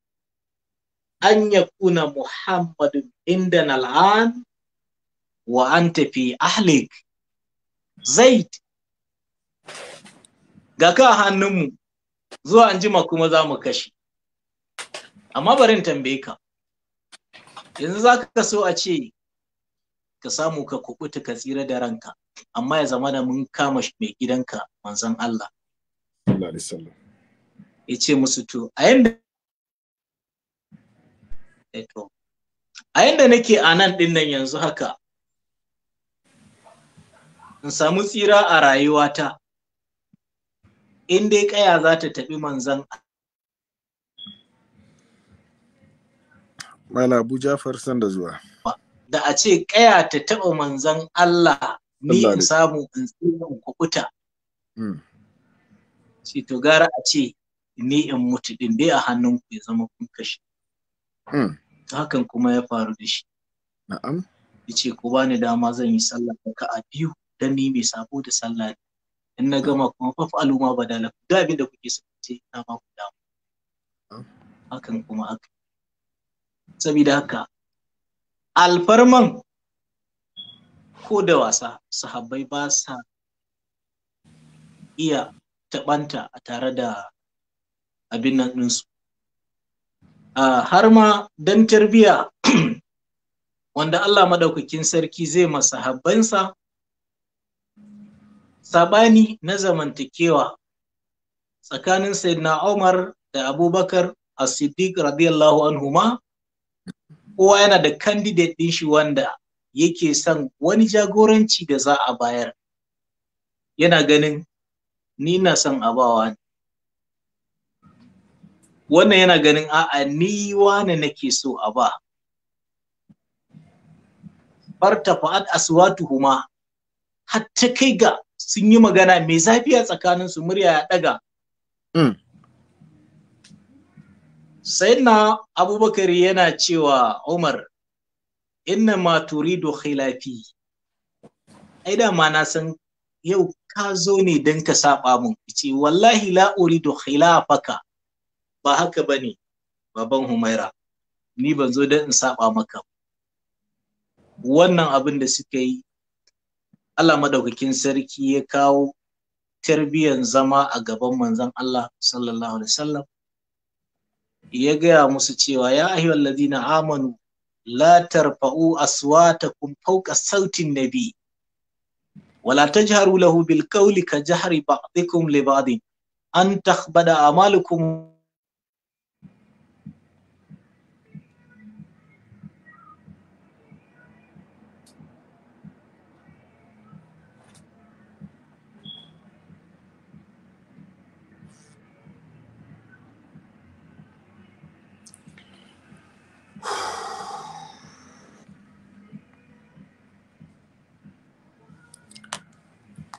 an Muhammadu inda na la'an wa an tafi ahlik zaid ga ka hannunmu zuwa an jima kuma za mu kashe amma barin tambaye ka yanzu za ka so a ce ka samu ka kubuta ka tsira da ranka amma ya zama da mun kama mai gidanka manzon Allah ya ce musu to a yanda eh a yanda nake a nan din nan yanzu haka in samu tsira a rayuwata in dai kaya za ta taɓi manzon Mala Abu Jafar san da zuwa. Da a ce kaya ta taɓa manzan Allah ni in samu in tsirin kukuta. Ce hmm. to gara a ce ni in mutu ɗin dai a hannun ku ya zama kun kashe. Hmm. Hakan kuma ya faru da shi. Na'am. ku ba bani dama zan yi sallah ka a biyu dan ni mai sabo da sallah in na gama kuma fa fa'alu ma badala da abin da kuke so ce na ba ku dama. Hakan kuma aka saboda haka alfarman ko da wasa sahabbai ba sa iya taɓanta a tare da abin nan ɗinsu har ma don tarbiyya [CLEARS THROAT] wanda Allah maɗaukakin sarki zai ma habbansa sabani na zamantakewa tsakanin sayyidina Umar da Abubakar as-Siddiq radiyallahu anhuma kowa yana da candidate ɗin shi wanda yake son wani jagoranci da za a bayar yana ganin ni ina son abawa ni. wannan yana ganin a'a ni wane nake so a ba farta fa'ad tuhuma, hatta kai ga sun yi magana mai zafi a tsakaninsu murya ya ɗaga mm. sayyidina abubakar yana cewa umar inna ma turidu khilafi ai ma na san yau ka zo ne don ka saba mun ce wallahi la uridu khilafaka ba haka bane baban humaira ni ban zo don in saba maka wannan abin da suka yi Allah madaukakin sarki ya kawo tarbiyan zama a gaban manzon Allah sallallahu alaihi wasallam ya gaya musu cewa ya ayyuhal ladina amanu la tarfa'u kun fauka sautin nabi wala ta lahu bil qawli ka jahri ba'dikum li ba'din an takhbada amalukum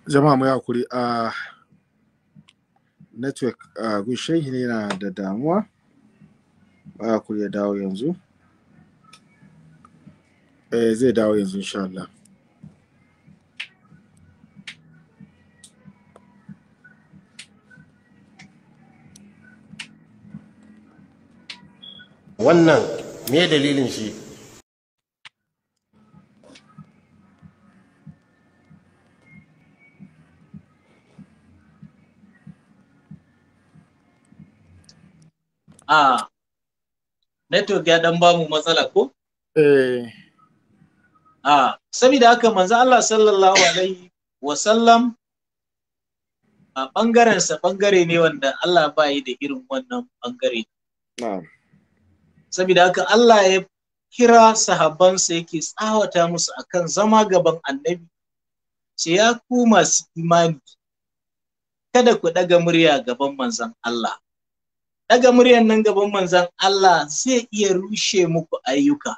jama'a ya hakuri a network a gushen ne yana da damuwa ya kuri ya dawo yanzu eh zai dawo yanzu insha Allah wannan me dalilin shi a network ya dan bamu matsala ko eh a saboda haka manzo Allah sallallahu alaihi wa sallam a bangaren sa bangare ne wanda Allah ba yi da irin wannan bangare na'am saboda haka Allah ya kira sahabbansa yake tsawata musu akan zama gaban annabi ce ya masu imani kada ku ɗaga murya gaban manzon Allah daga muryan nan gaban manzan Allah zai iya rushe muku ayyuka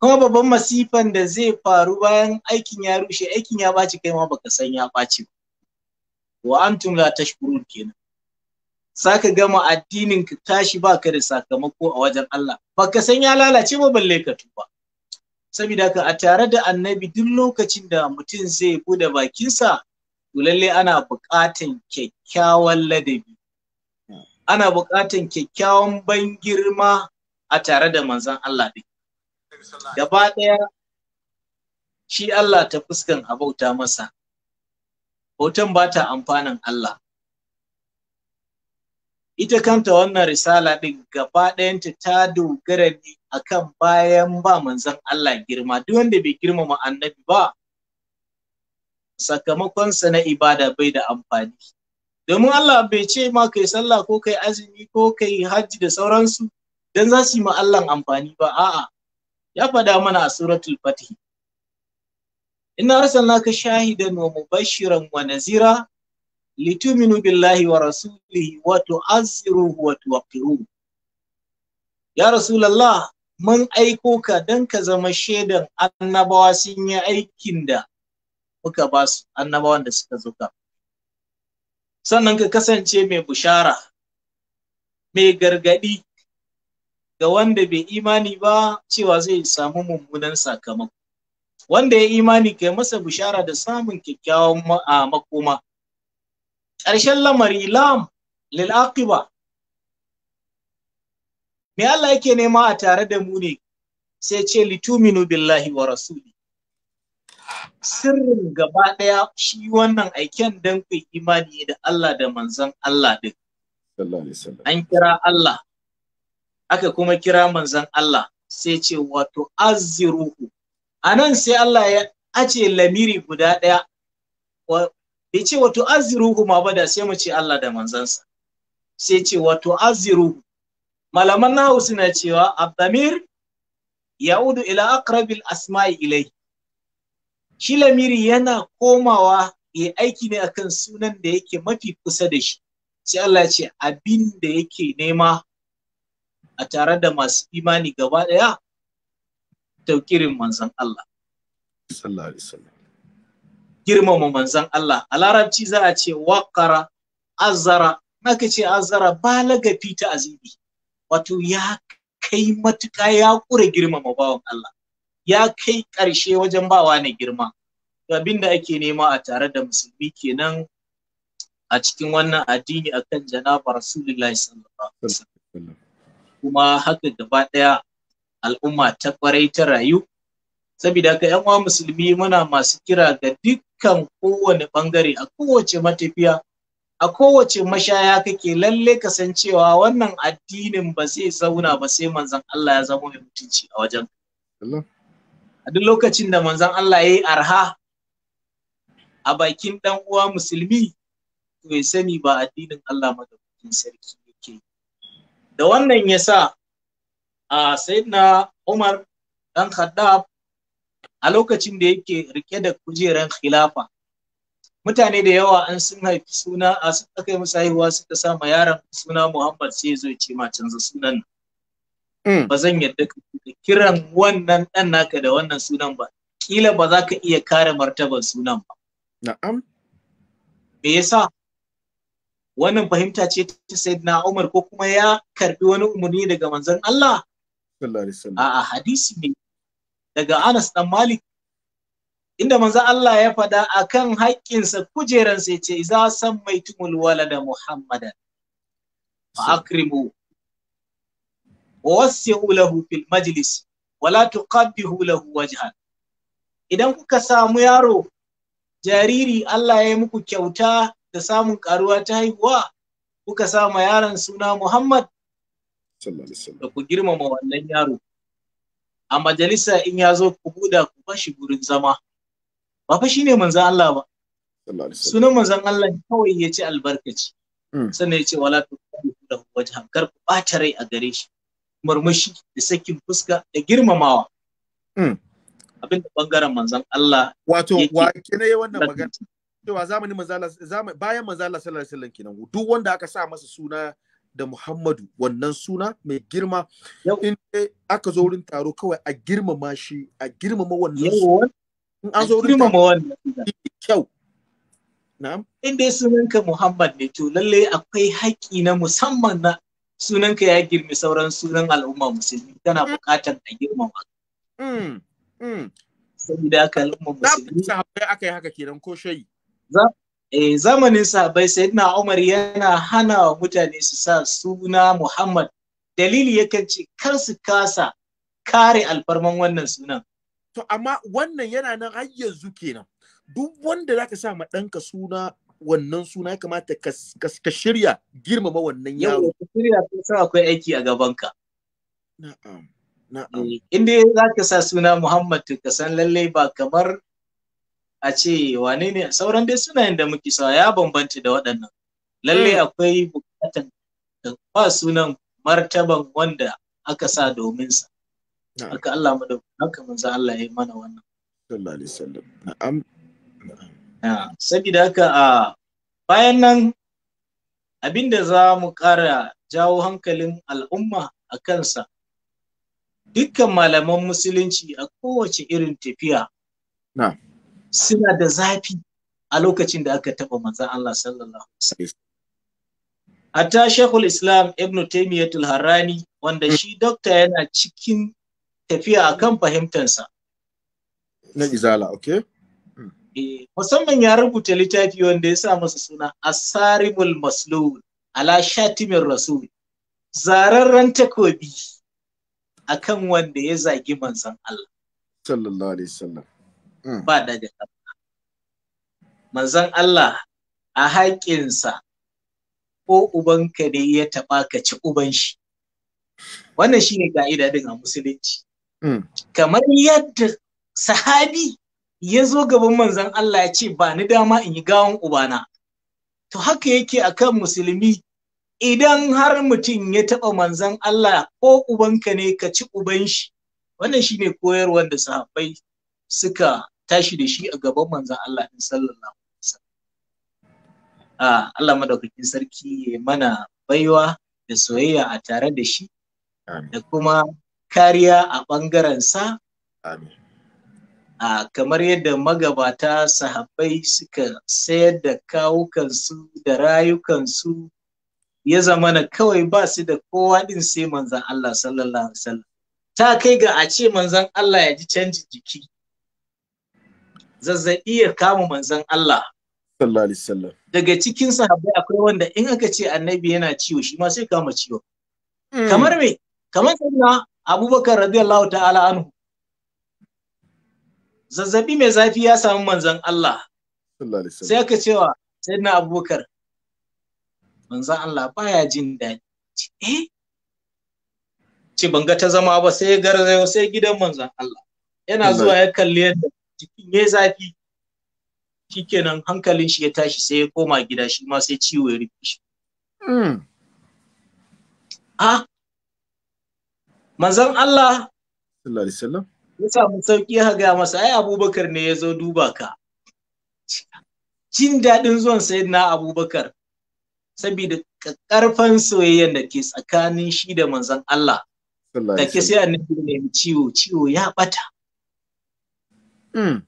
kuma babban masifan da zai faru bayan aikin ya rushe aikin ya ɓaci kai ma baka san ya ɓaci ba wa antum la tashkurun kenan saka gama addinin ka tashi baka da sakamako a wajen Allah baka san ya lalace ba balle ka tuba saboda ka a tare da annabi duk lokacin da mutum zai buɗe bakinsa to lalle ana buƙatan kyakkyawan ladabi ana buƙatar kyakkyawan ban girma a tare da manzon Allah ne gaba ɗaya shi Allah ta fuskan abauta masa hoton ba ta amfanin Allah ita kanta wannan risala ɗin gaba ɗayanta ta dogara ne akan bayan ba manzon Allah girma duk wanda bai girmama annabi ba sakamakonsa na ibada bai da amfani domin Allah bai ce ma kai sallah ko kai azumi ko kai hajji da sauransu dan za su yi ma Allah amfani ba a'a ya faɗa mana a suratul fatih inna arsalnaka shahidan wa mubashiran wa nazira lituminu billahi wa rasulihi wa tu'azziruhu wa tuwaqqiruhu ya rasulullah mun aiko ka dan ka zama shaidan annabawa sun yi aikin da muka ba su annabawan da suka zo sannan ka kasance mai bushara mai gargadi ga wanda bai imani ba cewa zai samu mummunan sakamako wanda ya imani kai masa bushara da samun kyakkyawan makoma ƙarshen lamari lam lil aqiba me Allah yake nema a tare da mu ne sai ce lituminu billahi wa rasuli sirrin gaba ɗaya shi wannan aiken dan ku imani da Allah da manzon Allah din an kira Allah aka kuma kira manzon Allah sai ce wato azziruhu anan sai Allah ya ace lamiri guda ɗaya ya ce wato azziruhu ma ba da sai mu ce Allah da manzansa sai ce wato azziruhu malaman nahu suna cewa abdamir ya'udu ila aqrabil asma'i ilai shi lamiri yana komawa ya aiki ne akan sunan da yake mafi kusa da shi sai Allah ce abin da yake nema a tare da masu imani gaba ɗaya taukirin manzan Allah girmama manzan Allah a larabci za a ce waƙara azara naka ce azara balagafi fita azibi wato ya kai matuka ya kura girmama bawan Allah ya kai ƙarshe wajen bawa ne girma abin da ake nema a tare da musulmi kenan a cikin wannan addini akan janaba rasulullahi kuma haka gaba ɗaya al'umma ta kwarai ta rayu saboda ka yan musulmi muna masu kira ga dukkan kowane bangare a kowace matafiya a kowace mashaya kake lalle kasancewa wannan addinin ba zai zauna ba sai manzon Allah ya zama mai mutunci a wajen a duk lokacin da manzon Allah ya yi arha a bakin ɗan uwa musulmi to ya sani ba addinin Allah madaukakin sarki yake da wannan ya sa a sayyidina Umar dan Khaddab a lokacin da yake rike da kujeran khilafa mutane da yawa an sun haifi suna a suka kai musu haihuwa suka sa ma yaron suna Muhammad sai ya zo ya ce ma canza sunan Mm. ba zan yadda ka kiran wannan ɗan naka da wannan sunan ba kila ba za ka iya kare martabar sunan ba na'am me yasa wannan fahimta ce ta sayyidina Umar ko kuma ya karbi wani umarni daga manzon Allah a hadisi ne daga Anas dan Malik inda manzon Allah ya faɗa akan haƙƙinsa kujeransa ya ce za san mai tumul walada Muhammadan fa akrimu wa wassi'u lahu fil majlis wala tuqabbihu lahu wajhan idan kuka samu yaro jariri Allah ya yi muku kyauta da samun karuwa ta haihuwa kuka sama yaron suna Muhammad da ku girmama wannan yaro a majalisa in ya zo ku buɗa ku bashi gurin zama ba fa shine manzon Allah ba sunan manzon Allah kawai ya ci albarkaci sannan ya ce wala tu da wajhan kar ku ɓata rai a gare shi murmushi da sakin fuska da girmamawa hmm. abin da bangaren manzon Allah wato wa kina yi wannan magana cewa zamanin manzala zaman bayan manzala sallallahu alaihi wasallam kenan duk wanda aka sa masa suna da Muhammadu wannan suna mai girma in aka zo wurin taro kawai a girmama shi a girmama wannan in an zo wurin girmama wannan kyau na'am in dai sunanka Muhammad ne to lalle akwai haƙi na musamman na sunanka ya girmi sauran sunan al'umma musulmi tana mm. buƙatar a girmama mm, mm. saboda haka al'umma musulmi aka yi haka kiran ko shayi eh zamanin sahabai sayyidina Umar yana hana wa mutane su sa suna Muhammad dalili yakan ce kar su kasa kare alfarman wannan sunan to amma wannan yana nan har yanzu kenan duk wanda zaka sa ma ɗanka suna wannan suna ya kamata ka shirya girmama wannan yaro. Ka shirya ka san akwai aiki a gabanka. Na'am. Na'am. Eh, In dai za ka sa suna Muhammad to ka san lallai ba kamar a ce wane ne sauran dai sunayen da muke sawa ya bambanta da waɗannan. Lallai hmm. akwai bukatan da ba sunan martaban wanda aka sa domin sa. Aka Allah mu da haka manzo Allah ya yi mana wannan. Sallallahu alaihi wasallam. Na'am. Na'am. Sabida haka a bayan nan abinda za mu ƙara jawo hankalin al'umma a kansa dukkan malaman musulunci a kowace irin tafiya suna da zafi a lokacin da aka taɓa manzan Allah sallallahu alaihi Hatta Shekul Islam Ibn Taymiyyah Harani wanda shi dokta yana cikin tafiya a kan fahimtansa. Na izala, okay? Eh, musamman ya rubuta littafi wanda ya sa masa suna asarimul maslul ala shatimin rasul zararren takobi kan wanda ya zagi manzon Allah sallallahu alaihi wasallam hmm. ba daga manzon Allah a haƙinsa ko ubanka ne ya taɓa ka ci uban shi wannan shi ne ga'ida din a musulunci hmm. kamar yadda sahabi ya zo gaban manzon Allah ya ce ba ni dama in yi gawan ubana to haka yake akan musulmi idan har mutum ya taɓa manzon Allah ko ubanka ne ka ci uban shi wannan shine koyarwar da sahabbai suka tashi da shi a gaban manzon Allah din sallallahu alaihi Allah madaukakin sarki ya mana baiwa da soyayya a tare da shi da kuma kariya a ɓangaren sa a kamar yadda magabata sahabbai suka sayar da kawukansu da rayukansu ya zamana kawai ba su da kowa din sai manzan Allah sallallahu alaihi wasallam ta kai ga a ce manzan Allah ya ji canjin jiki zazzaɓi ya kama manzan Allah sallallahu alaihi wasallam daga cikin sahabbai akwai wanda in aka ce annabi yana ciwo shi ma sai kama ciwo mm. kamar me kamar sayyidina Abubakar radiyallahu ta'ala anhu zazzabi mai zafi ya samu manzan Allah sai aka cewa sai na abokar manzan Allah baya jin daɗi eh ce ban ga ta zama ba sai garzayo sai gidan manzan Allah yana zuwa ya kalli yadda cikin ya zafi shikenan hankalin shi ya tashi sai ya koma gida shi ma sai ciwo ya rufe shi hmm. ah! manzan Allah sallallahu alaihi wasallam ya samu sauki ya ga masa ai abubakar ne ya zo duba ka jin daɗin zuwan sayyidina abubakar saboda ƙarfan soyayyar da ke tsakanin shi da manzon Allah da ke sai annabi ne ciwo ciwo ya bata hmm.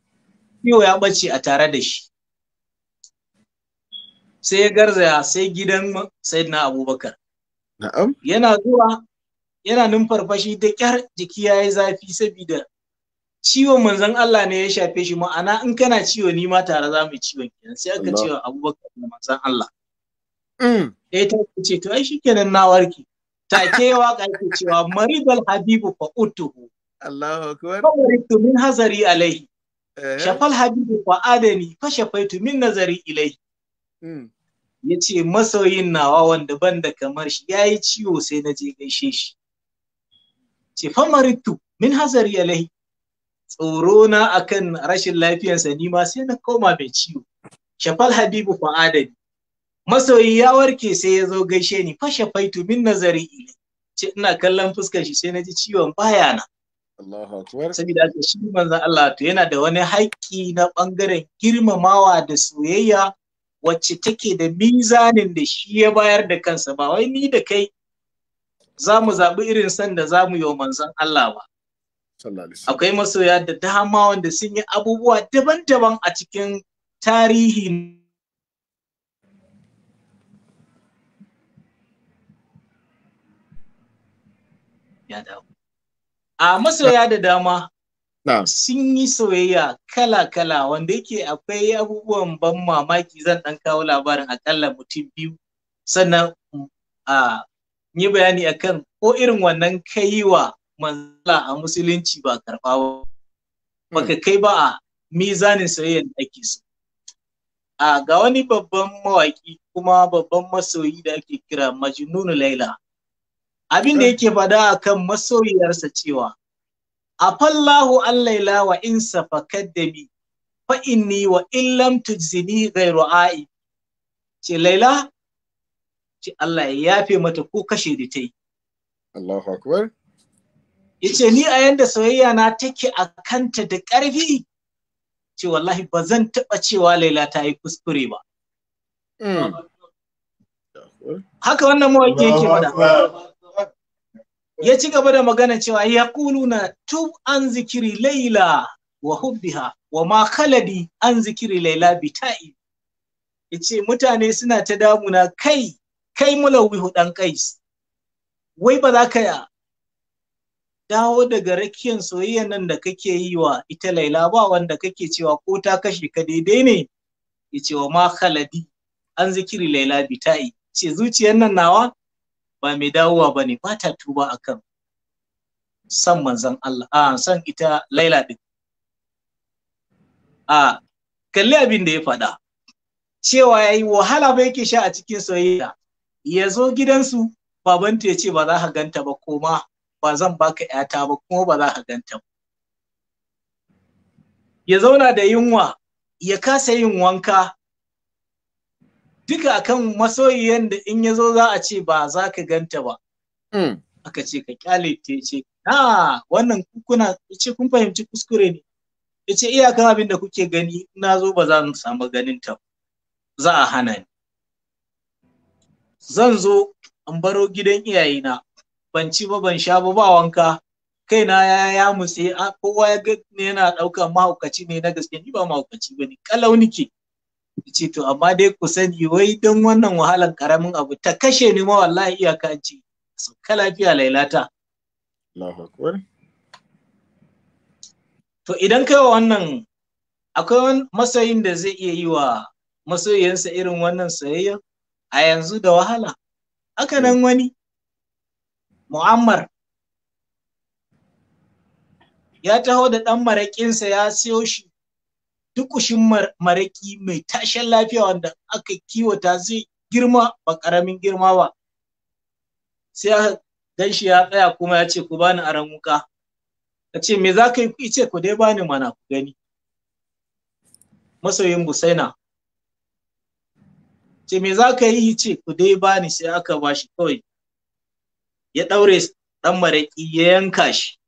ciwo ya bace a tare da shi sai ya garzaya sai gidan sayyidina abubakar yana zuwa yana numfarfashi da kyar jiki ya yi zafi saboda ciwon manzon Allah ne ya shafe shi ma'ana in kana ciwo ni ma tare za mu ciwon kenan sai aka cewa Abubakar da manzon Allah mm. eh ta ce to ai shikenan na warke take ka ce cewa maridul habibu fa utuhu Allahu akbar fa waritu min hazari alaihi eh. shafal habibu fa adani fa shafaitu min nazari ilai. Mm. ya ce masoyin nawa wanda ban da kamar shi ya yi ciwo sai na je gaishe shi ce fa maritu min hazari alaihi Tsorona na akan rashin lafiyarsa ni ma sai na koma mai ciwo shafal habibu fa'adani masoyi ya warke sai ya zo gaishe ni fa shafaitu min nazari ile. ce ina kallon fuskar shi sai na ji ciwon baya na Allahu akbar saboda haka shi manzon Allah to yana da wani haƙƙi na bangaren girmamawa da soyayya wacce take da mizanin da shi ya bayar da kansa ba wai ni da kai za mu zaɓi irin san da za mu yi wa manzon Allah ba akwai masoya da dama wanda sun yi abubuwa daban-daban a cikin tarihi a masoya da dama sun yi soyayya kala-kala wanda yake akwai abubuwan ban mamaki zan ɗan kawo labarin akalla mutum biyu sannan a yi bayani akan ko irin wannan kaiwa manzala a musulunci ba karɓa ba hmm. baka kai ba a mizanin soyayyar ake so a ga wani babban mawaki kuma babban masoyi da ake kira majnunu laila abin da hmm. yake faɗa akan masoyiyarsa cewa afallahu allaila wa in bi fa inni wa in lam tujzini ghayru ai ce laila ce Allah ya yafe mata ko kashe da tai Allahu akbar yace ni a yanda soyayya na take a kanta da ƙarfi ce wallahi ba zan taɓa cewa laila ta yi kuskure ba mm. haka wannan mawaƙi yake faɗa ya ci gaba da magana cewa ya na tub an zikiri laila wa hubbiha wa ma khaladi an zikiri laila bi ya ce mutane suna ta damuna kai kai mulawi hudan kai. wai ba za ka dawo daga rakiyan soyayyan nan da kake yi wa ita laila ba wanda kake cewa ko ta kashe ka daidai ne ya ce wa ma khaladi an zikiri laila bita'i ce zuciyar nan nawa ba mai dawowa ba ne ba ta tuba akan san manzan Allah a san ita laila din a kalli abin da ya faɗa cewa ya yi wahala ba yake sha a cikin soyayya ya zo gidansu babanta ya ce ba za ka ganta ba koma ba zan baka ‘yata ba kuma ba za ka ganta ba. Ya zauna da yunwa, ya kasa yin wanka, duka akan masoyiyan da in ya zo za a ce ba za ka ganta ba. Hmm. Aka ce ka kyale ta ce, na wannan kuna ce kun fahimci kuskure ne. Ya ce iyakan abin da kuke gani na zo ba za mu samu ganin ta za a hana ni. Zan zo an baro gidan iyayena ban ci ba ban sha ba ba wanka kaina ya ya mutse kowa ya ga ne yana ɗaukar mahaukaci ne na gaske ni ba mahaukaci ba ne kalau nike ce to amma dai ku sani wai don wannan wahalan karamin abu ta kashe ni ma wallahi iyaka an ce sauka lafiya lailata to idan kai wannan akwai masoyin da zai iya yi wa masoyiyansa irin wannan soyayya a yanzu da wahala haka nan hmm. wani mu'ammar ya taho da ɗan maraƙinsa ya siyo shi dukushin maraƙi mai tashin lafiya wanda aka kiwata zai girma ba ƙaramin girma ba sai aka dan shi ya tsaya kuma ya ce ku bani aran wuka ka ce me za ka yi ce ku dai bani mana ku gani masoyin busaina ce me za ka yi ce ku dai bani sai aka bashi kawai ya ɗaure ɗan maraƙi ya yanka shi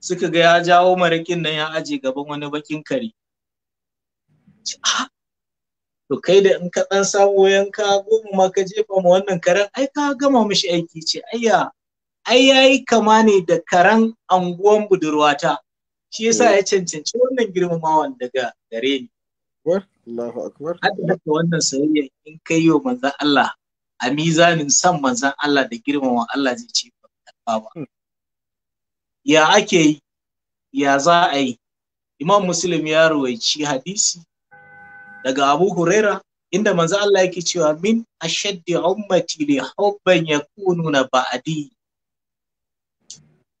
suka ga ya jawo maraƙin nan ya aje gaban wani bakin kare to kai da in ka ɗan samu yanka goma ma ka jefa ma wannan karen ai ka gama mishi aiki ce ayya ai yayi kama ne da karen anguwan budurwata shi yasa ya cancanci wannan girmamawa daga gare ni Allahu akbar. Hadda wannan sayayya in kai wa manzon Allah a mizanin san manzan Allah da girmama Allah zai ce ba hmm. ya ake yi ya za a yi imam muslim ya ruwaici hadisi daga abu huraira inda manzan Allah yake cewa min ashaddi ummati li hubban yakununa ba'di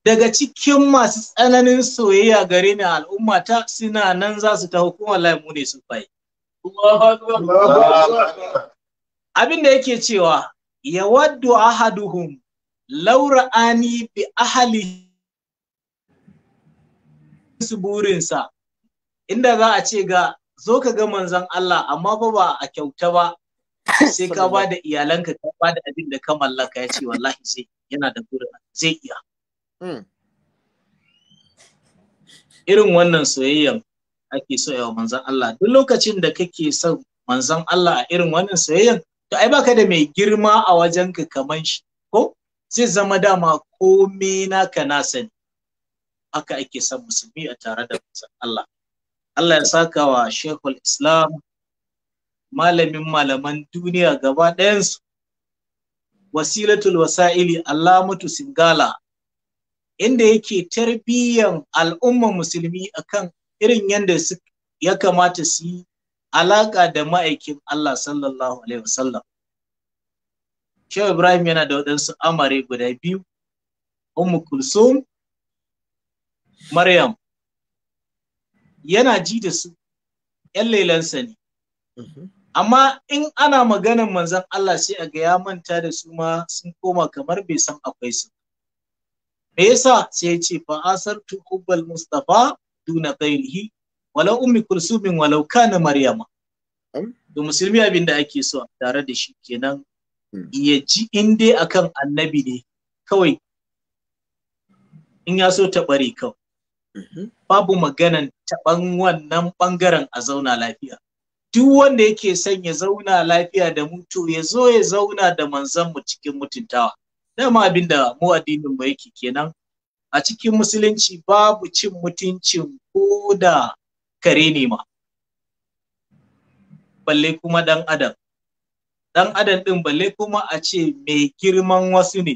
daga cikin masu tsananin soyayya gare ni al'ummata suna nan za su ta hukuma wallahi mu ne su bai abin da yake cewa ya waddu ahaduhum laura ani bi ahali su burinsa inda za a ce ga zo ka ga manzon Allah amma fa ba a kyauta ba sai ka ba da iyalanka ka ba da abin da ka mallaka ya ce wallahi zai yana da burin zai iya hmm. irin wannan soyayyan ake so yawa manzon Allah duk lokacin da kake son manzon Allah a irin wannan soyayyan to ai baka da mai girma a wajen ka kaman shi ko zai zama dama komai naka na sani haka ake son musulmi a tare da Allah Allah ya saka wa Sheikhul Islam malamin malaman duniya gaba ɗayansu wasilatul wasa'ili Alamatu singala inda yake tarbiyyan al'umma musulmi akan irin yadda ya kamata su yi alaka da ma'aikin Allah sallallahu alaihi wasallam Shehu Ibrahim yana da waɗansu amare guda biyu Ummu Kulsum Maryam yana ji da su ‘yan lelansa ne. Amma in ana maganan manzan Allah sai a ga ya manta da su ma sun koma kamar bai san akwai su. Me yasa sai ya ce asartu kubbal Mustapha duna ghairihi walau ummi kulsumin walau kana maryama da musulmi abin da ake so tare da shi kenan hmm. ya ji in dai akan annabi ne kawai in ya so ta bare kawai mhm. babu maganan taɓan wannan bangaren a zauna lafiya duk wanda yake son ya zauna lafiya da mutu ya zo ya zauna da manzon mu cikin mutuntawa dama abin da mu addinin mu yake kenan a cikin musulunci babu cin mutuncin ko da kare ne ma balle kuma dan adam dan adam din balle kuma a ce mai girman wasu ne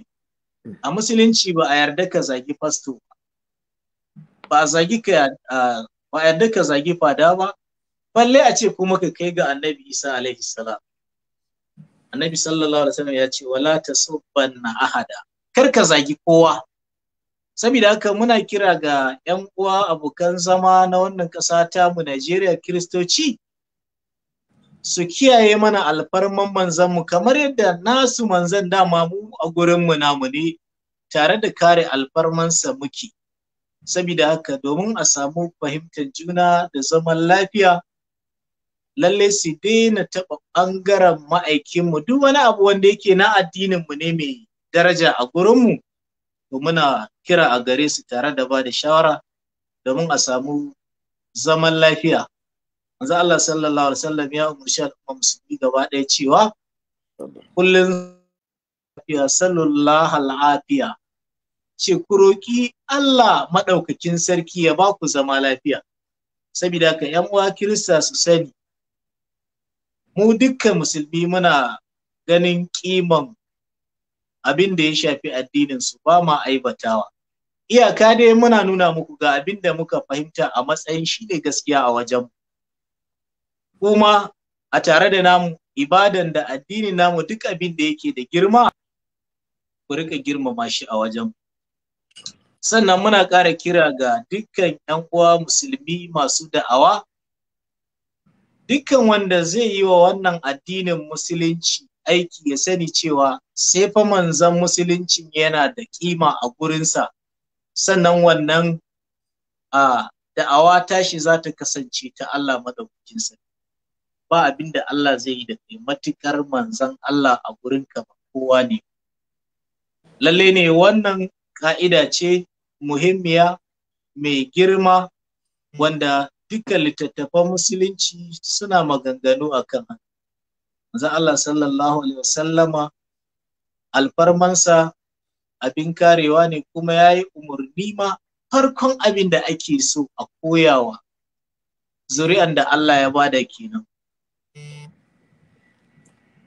a musulunci ba a yarda ka zagi fasto ba a zagi ka ba a yarda ka zagi fada ba balle a ce kuma ka kai ga annabi isa alaihi salam annabi sallallahu alaihi wasallam ya ce wala tasubban ahada kar ka zagi kowa Saboda haka muna kira ga 'yan uwa abokan zama na wannan ƙasa ta mu Najeriya Kiristoci su kiyaye mana alfarman manzan mu kamar yadda nasu manzan dama mu a gurinmu namu ne tare da kare alfarmansa muke. Saboda haka domin a samu fahimtar juna da zaman lafiya lalle su daina taɓa ɓangaren ma'aikinmu duk wani abu wanda yake na addinin mu ne mai daraja a gurinmu to muna kira a gare su tare da ba da shawara domin a samu zaman lafiya manzo Allah sallallahu alaihi wasallam ya umarci al'umma musulmi gaba ɗaya cewa kullun lafiya sallallahu al'afiya ce ku roki Allah madaukakin sarki ya ba ku zama lafiya Sabida ka yan uwa Kirista su sani mu dukkan musulmi muna ganin kiman abin da ya shafi addinin su ba ma aibatawa iyaka dai muna nuna muku ga abin da muka fahimta a matsayin shi ne gaskiya a wajen kuma a tare da namu ibadan da addinin namu duk abin da yake da girma ku rika girmama shi a wajen sannan muna ƙara kira ga dukkan 'yan uwa musulmi masu da'awa dukkan wanda zai yi wa wannan addinin musulunci aiki ya sani cewa sai fa manzan musuluncin yana da kima a gurinsa sannan wannan a da'awa tashi za ta kasance ta Allah madaukakin ba abin da Allah zai yi da kai matukar manzan Allah a gurinka ba kowa ne lalle ne wannan ka'ida ce muhimmiya mai girma wanda duka littattafan musulunci suna maganganu akan kan Allah sallallahu alaihi wasallama alfarmansa abin karewa ne kuma ya yi umarni ma farkon abin da ake so a koyawa zuri'an da Allah ya bada kenan.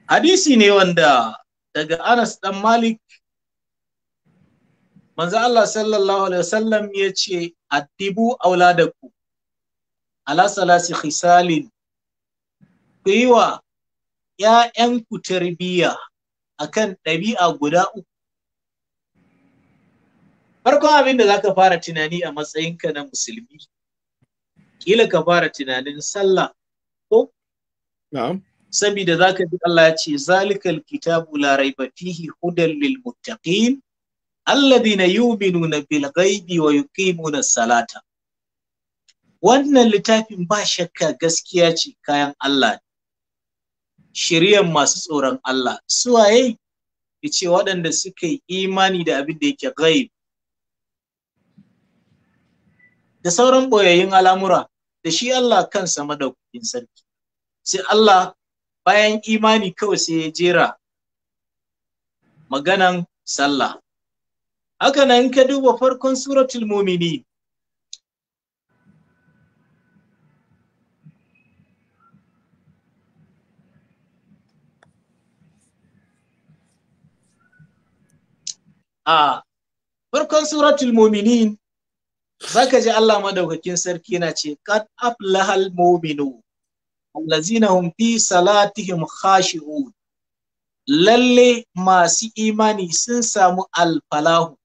Hadisi ne wanda daga Anas ɗan Malik manzo Allah sallallahu alaihi wasallam ya ce addibu auladaku ala salasi khisalin ku yi wa ‘ya'yanku tarbiyya akan ɗabi'a guda uku farkon abin da ka fara tunani a matsayinka na musulmi ƙila ka fara tunanin sallah ko na'am za ka bi Allah ce zalikal kitabu la raiba fihi hudan lil muttaqin alladhina yu'minuna bil ghaibi wa yuqimuna salata wannan littafin ba shakka gaskiya ce kayan Allah ne shiryan masu tsoron Allah suwaye yace waɗanda suka yi imani da abin da yake ghaib da sauran boyayyun al'amura da shi Allah kansa madaukakin sarki sai Allah bayan imani kawai sai ya jera maganan sallah haka nan ka duba farkon suratul mumini a farkon suratul muminin zaka ji Allah madaukakin sarki na ce qad aflahal mu'minu allazina hum fi salatihim khashi'un lalle masu imani sun samu alfalahu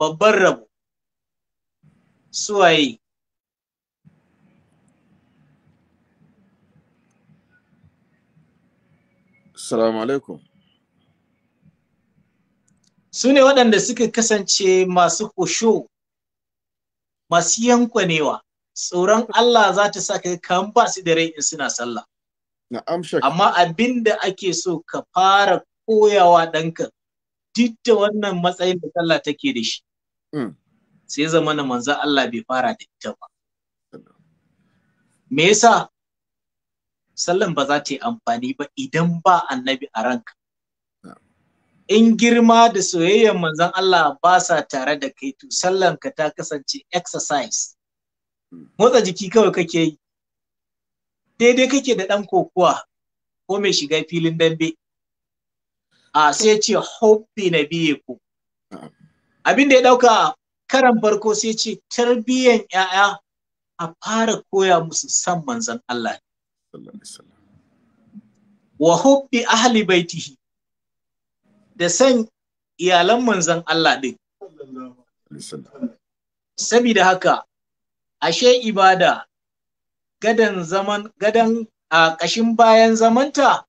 babban rabo suwaye Assalamu alaikum. su ne waɗanda suka kasance masu kusho masu yankwanewa tsoron Allah za ta sa ka kan ba su da rai in suna sallah amma abin da ake so ka fara koyawa ɗanka duk da wannan matsayin da sallah take da shi mm. sai zama na manzan Allah bai fara da ita ba me yasa sallan ba za ta yi amfani ba idan ba annabi a ranka in girma da soyayyar manzon Allah ba sa tare da kai to sallanka ta kasance exercise motsa jiki kawai kake yi daidai kake da ɗan kokowa ko mai shiga filin dambe a sai ce hope na biye ku abin da ya ɗauka karan farko sai ce tarbiyyan ‘ya'ya a fara koya musu san manzan Allah wa hope ahli baitihi da san iyalan manzan Allah ɗin. Sabida haka, ashe ibada gadan zaman gadan a ƙashin bayan zamanta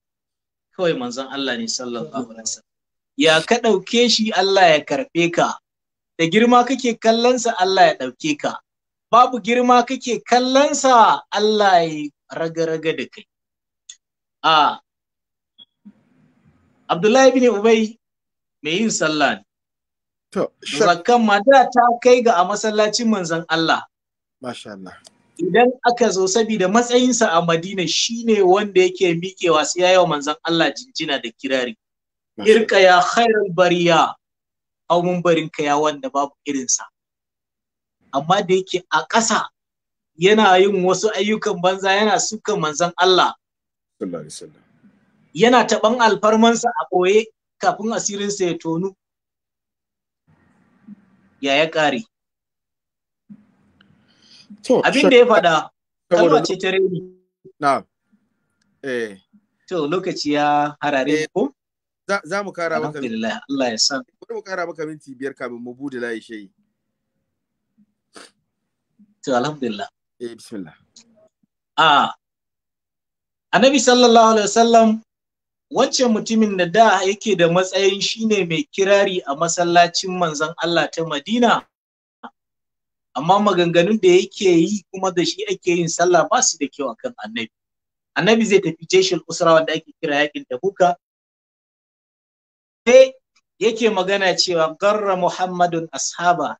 kawai manzan Allah ne sallallahu alaihi Ya ka ɗauke shi Allah ya karɓe ka, da girma kake kallonsa Allah ya ɗauke ka, babu girma kake kallonsa Allah ya raga-raga da kai. A Abdullahi bin Ubay mai yin sallah ne. Zakkan ma da ta kai ga a masallacin manzan Allah. Idan aka zo saboda matsayinsa a Madina ne wanda yake miƙewa sai yayi manzan Allah jinjina da kirari. Irka ya khairal bariya au ka ya wanda babu irinsa. Amma da yake a ƙasa yana yin wasu ayyukan banza yana suka manzan Allah. Yana taɓan alfarmansa a ɓoye kafin asirinsa ya tonu ya ya ƙare abin da ya faɗa kalma ce ta reni na eh to lokaci ya harare eh, ko za mu kara maka alhamdulillah Allah ya san. sa mu kara maka minti biyar kamin mu bude layi shayi to alhamdulillah eh bismillah ah annabi sallallahu alaihi wasallam wancan mutumin da da yake da matsayin shine mai kirari a masallacin manzon Allah ta Madina amma maganganun da yake yi kuma da shi ake yin sallah ba su da kyau akan annabi annabi zai tafi jeshin usra wanda ake kira yakin tabuka sai yake magana cewa garra muhammadun ashaba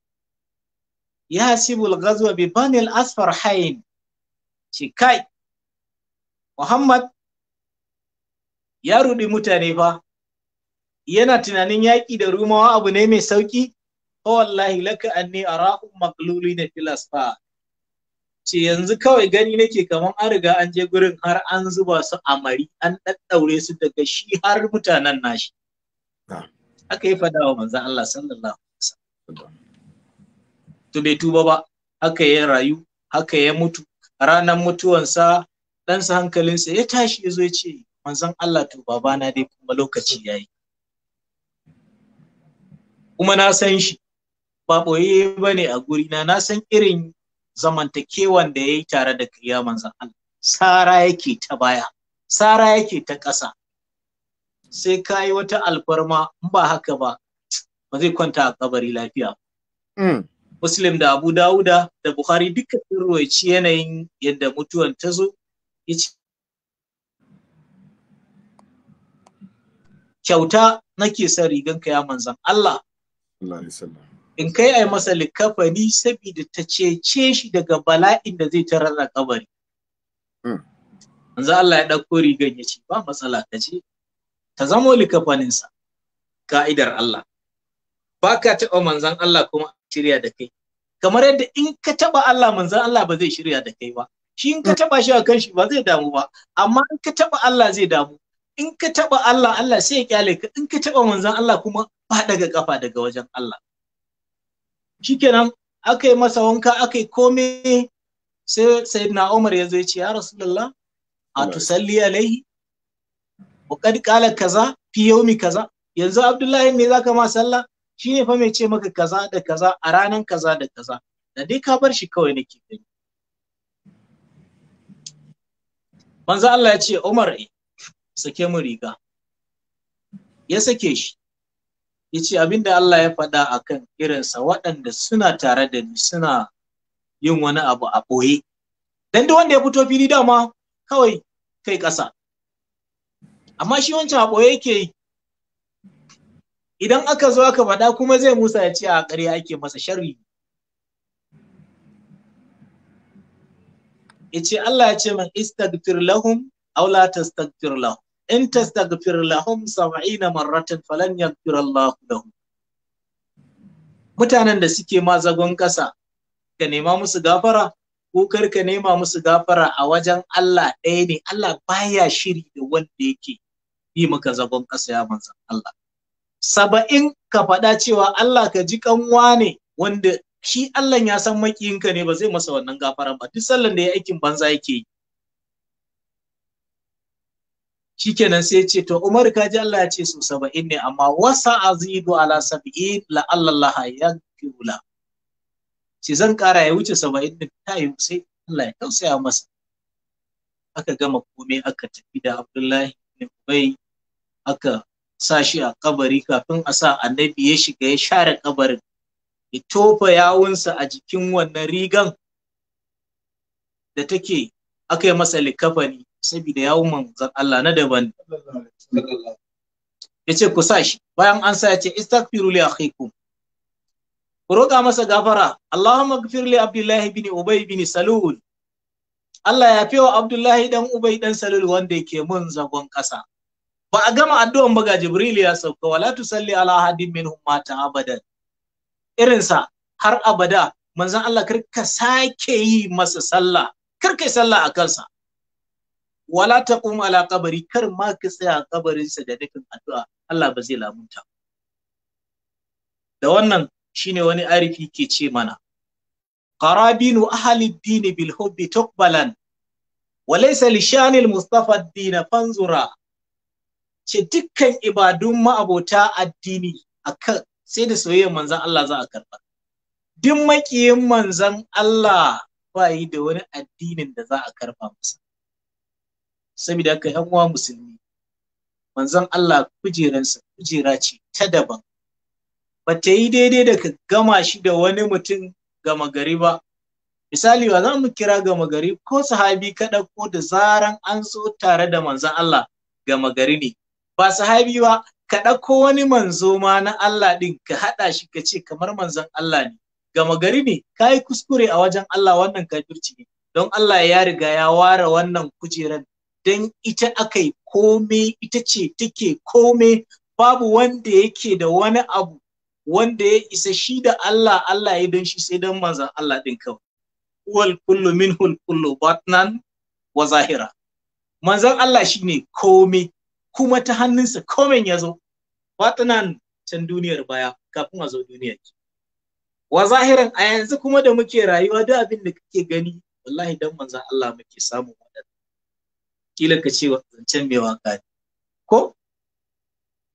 ya ghazwa bi banil asfar hain ce kai muhammad ya ruɗi mutane fa yana tunanin yaƙi da rumawa abu ne mai sauƙi fa wallahi laka anni arahum maqluli fil filasfa ce yanzu kawai gani nake kamar an riga an je gurin har an zuba su a mari an ɗaɗɗaure su daga shi har mutanen nashi aka yi fada wa manzan Allah sallallahu alaihi to bai tuba ba haka ya rayu haka ya mutu ranar mutuwansa ɗansa hankalinsa ya tashi ya zo ya ce manzon Allah to babana dai kuma lokaci yayi kuma na san shi ba ɓoye ba ne a gurina na san irin zamantakewan da ya yi tare da kiriya manzon Allah sara yake ta baya sara yake ta ƙasa sai ka yi wata alfarma in ba haka ba ba zai kwanta a kabari lafiya mm. Muslim da Abu Dawuda da Buhari duka sun yanayin yadda mutuwan ta zo ya ce kyauta nake son riganka ya manzan Allah in kai ai masa likafani saboda ta cece shi daga bala'in da zai tarar da kabari hmm. Manzan Allah ya ɗauko rigan ya ce ba matsala ta ce ta zamo likafaninsa ka'idar Allah ba ka taɓa manzan Allah kuma shirya da kai kamar yadda in ka taɓa Allah manzan Allah ba zai shirya da kai ba shi in ka hmm. taɓa shi a kanshi ba zai damu ba amma in ka taɓa Allah zai damu in ka taba Allah Allah sai ya kyale ka in ka taba manzon Allah kuma ba daga kafa daga wajen Allah shikenan aka yi masa wanka aka yi komai sai sayyidina Umar ya zo ya ce ya Rasulullah a tusalli alaihi wa kad qala kaza fi yawmi kaza yanzu Abdullahi ne zaka ma sallah shine fa mai ce maka kaza da kaza a ranan kaza da kaza da dai ka bar shi kawai nake gani manzo Allah ya ce Umar sake mu riga ya sake shi ya ce abin Allah ya faɗa akan kan irinsa waɗanda suna tare da ni suna yin wani abu a ɓoye don duk wanda ya fito fili dama kawai kai ƙasa amma shi wancan a ɓoye yake yi idan aka zo aka faɗa kuma zai musa ya ce a ƙarya ake masa sharri ya ce Allah ya ce man istagfir lahum aw la tastagfir lahum in tastaghfir lahum 70 marratan falan yaghfir Allah lahum mutanen da suke ma zagon kasa, ka nema musu gafara ko kar ka nema musu gafara a wajen Allah ɗaya ne Allah baya shiri da wanda yake yi maka zagon kasa ya manzan Allah saba'in ka faɗa cewa Allah ka ji kanwa ne wanda shi Allah ya san makiyinka ne ba zai masa wannan gafaran ba duk sallan da ya aikin banza yake yi shikenan sai ce to Umar ka ji Allah ya ce su saba'in ne amma wasa azidu ala sab'i la Allah ya kula shi zan kara ya wuce saba'in din ta yi sai Allah ya tausaya masa aka gama komai aka tafi da Abdullahi ne bai aka sa shi a kabari kafin a sa annabi ya shiga ya share kabarin ya tofa yawunsa a jikin wannan rigan da take aka yi masa likafani saboda umar, zan Allah na daban Ya ce ku sa bayan an sa yace istaghfiru li akhikum ku roƙa masa gafara Allahumma ighfir li Abdullahi bin Ubay bin Salul Allah ya fiwa Abdullahi dan Ubay dan Salul wanda yake mun zagon ƙasa ba a gama addu'an ba Jibril ya sauka wala tusalli ala ahadin minhum mata abadan irinsa har abada manzon Allah kar sake yi masa sallah kar kai sallah a kansa wala ta taqum ala kabari kar ma ka tsaya a kabarinsa da nufin addu'a Allah ba zai lamunta da wannan shine wani arifi ke ce mana qarabinu ahli ad-din bil hubbi tuqbalan wa laysa li shanil mustafa din fanzura ce dukkan ibadun ma'abota addini akan sai da soyayyar manzon Allah za a karba duk makiyin manzon Allah ba yi da wani addinin da za a karba masa saboda haka yan uwa musulmi manzon Allah kujeransa kujera ce ta daban ba ta yi daidai da ka gama shi da wani mutum gama gari ba misali ba za mu kira gama gari ko sahabi kaɗa ko da zaran an zo tare da manzon Allah gama gari ne ba sahabi ba ka ko wani manzo ma na Allah ɗin ka haɗa shi ka ce kamar manzon Allah ne gama gari ne ka yi kuskure a wajen Allah wannan kafirci ne don Allah ya riga ya ware wannan kujerar don ita akai kome ita ce take kome babu wanda yake da wani abu wanda ya isa shi da Allah Allah ya don shi sai don manzan Allah din kawai wal kullu minhul kullu batnan wa zahira manzan Allah shine kome kuma ta hannunsa komen ya zo batnan can duniyar baya kafin a zo duniyar wa zahiran a yanzu kuma da muke rayuwa duk abin da kake gani wallahi dan manzan Allah muke samun waɗannan kila ka ce zancen mai waka ne ko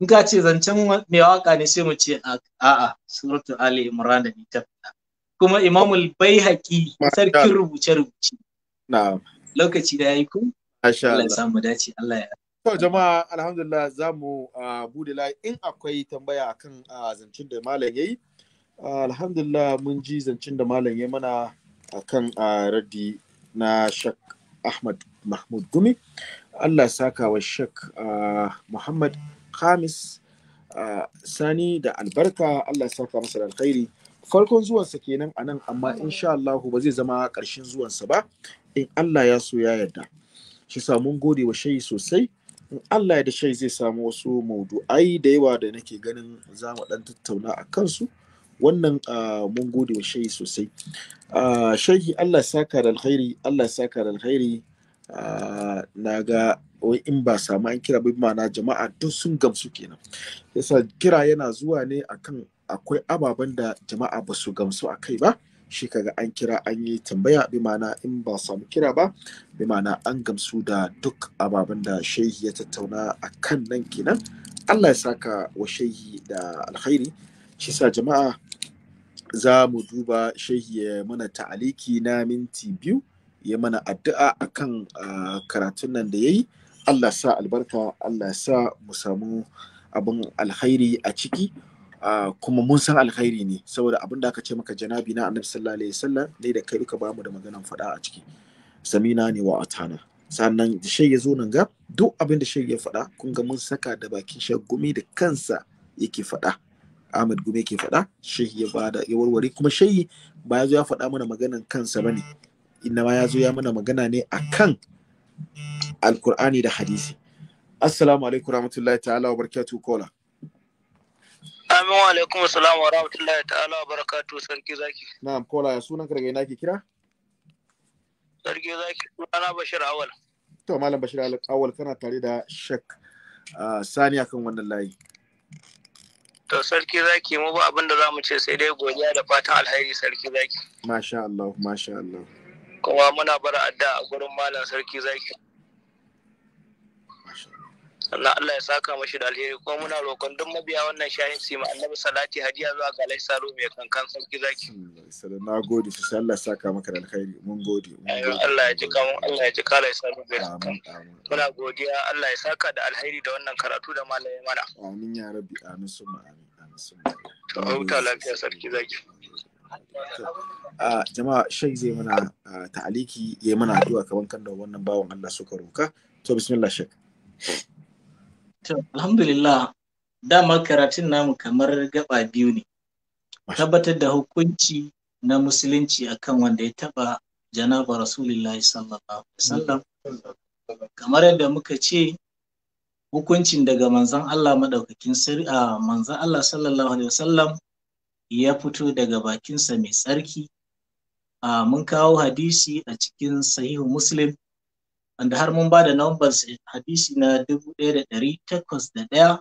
in ka ce zancen mai waka ne sai mu ce a'a suratu ali imran da ta kuma imamul baihaqi sarkin rubuce rubuce na'am lokaci da yayi ku Allah ya samu dace Allah ya To jama'a alhamdulillah za mu bude layi in akwai tambaya akan zancen da malam yayi alhamdulillah mun ji zancen da malam yayi mana akan raddi na Shak Ahmad mahmud gumi allah saka wa shek uh, muhammad khamis uh, sani da albarka allah saka masa da alkhairi farkon zuwansa kenan a nan amma insha Allah ba zai zama ƙarshen zuwansa ba in Allah ya so ya yarda shi mun gode wa shayi sosai in Allah ya da shayi zai samu wasu maudu'ai da yawa da nake ganin za mu dan tattauna a kansu wannan uh, mun gode wa shayi sosai shayi Allah saka da alkhairi Allah saka da alkhairi Ah, na ga in ba samu an kira bai na jama'a duk sun gamsu kenan yasa kira yana zuwa ne akan akwai ababen da jama'a ba su gamsu a kai ba shi kaga an kira an yi tambaya bi ma'ana in ba samu kira ba bi ma'ana an gamsu da duk ababen da shehi ya tattauna a kan nan kenan allah ya saka wa shehi da alkhairi shi sa jama'a za mu duba shehi mana ta'aliki na minti biyu ya mana addu'a a kan ah, karatun nan da ya yi. Allah sa albarka Allah sa mu samu abin alkhairi a ciki ah, kuma mun san alkhairi ne saboda abin da aka ce maka janabi na annabi sallallahu alaihi wasallam dai da kai duka bamu da maganan faɗa a ciki samina ne wa atana sannan da shai ya zo nan ga duk abin da shai ya faɗa kun ga mun saka da bakin shai gumi da kansa yake faɗa Ahmad Gumi yake faɗa shai ya bada ya warware kuma shai ba ya zo ya faɗa mana maganan kansa bane innama ya zo ya mana magana ne a kan alkur'ani da hadisi assalamu alaikum rahmatullahi ta'ala wa barakatuhu kola amin wa alaikum assalamu wa rahmatullahi ta'ala wa barakatuhu sarki zaki na'am kola ya sunan ka na ina ke kira sarki zaki sunana bashir awal to malam bashir awal kana tare da shek ah, sani akan wannan layi To sarki zaki mu ba abin da za mu ce sai dai godiya da fatan alheri sarki zaki. Masha Allah, masha Allah. kuma muna bar adda a gurin malam sarki zaki sannan Allah ya saka mashi da alheri kuma muna roƙon duk mabiya wannan shayin su ma annabi salati hadiya zuwa ga Alai salo mai kankan sarki zaki sallallahu na gode su sai Allah ya saka maka da alheri mun gode Allah ya ji kan Allah ya ji kala ya saro mai kankan muna godiya Allah ya saka da alheri da wannan karatu da malamai mana amin ya rabbi amin summa amin amin to huta lafiya sarki zaki jama'a shai zai mana ta'aliki ya yi mana addu'a kaman kan da wannan bawan Allah suka roka to bismillah shek to alhamdulillah dama karatun namu kamar gaba biyu ne tabbatar da hukunci na musulunci akan wanda ya taba janaba rasulullahi sallallahu alaihi wasallam kamar yadda muka ce hukuncin daga manzon Allah madaukakin sirri a manzon Allah sallallahu alaihi wasallam ya fito daga bakinsa mai tsarki A mun kawo hadisi a cikin sahihu muslim wanda har mun ba da nambar hadisi na 1801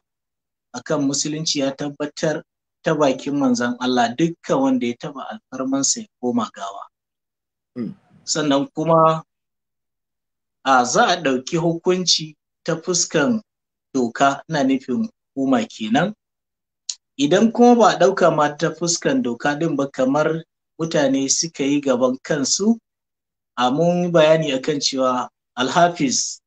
akan musulunci ya tabbatar ta bakin manzan Allah dukkan wanda ya taba alfarmansa ya koma gawa hmm. sannan kuma a za a ɗauki hukunci ta fuskan doka na nufin hukuma kenan idan kuma ba ɗauka ma ta fuskan doka ɗin ba kamar mutane suka yi gaban kansu a mun bayani akan cewa alhafiz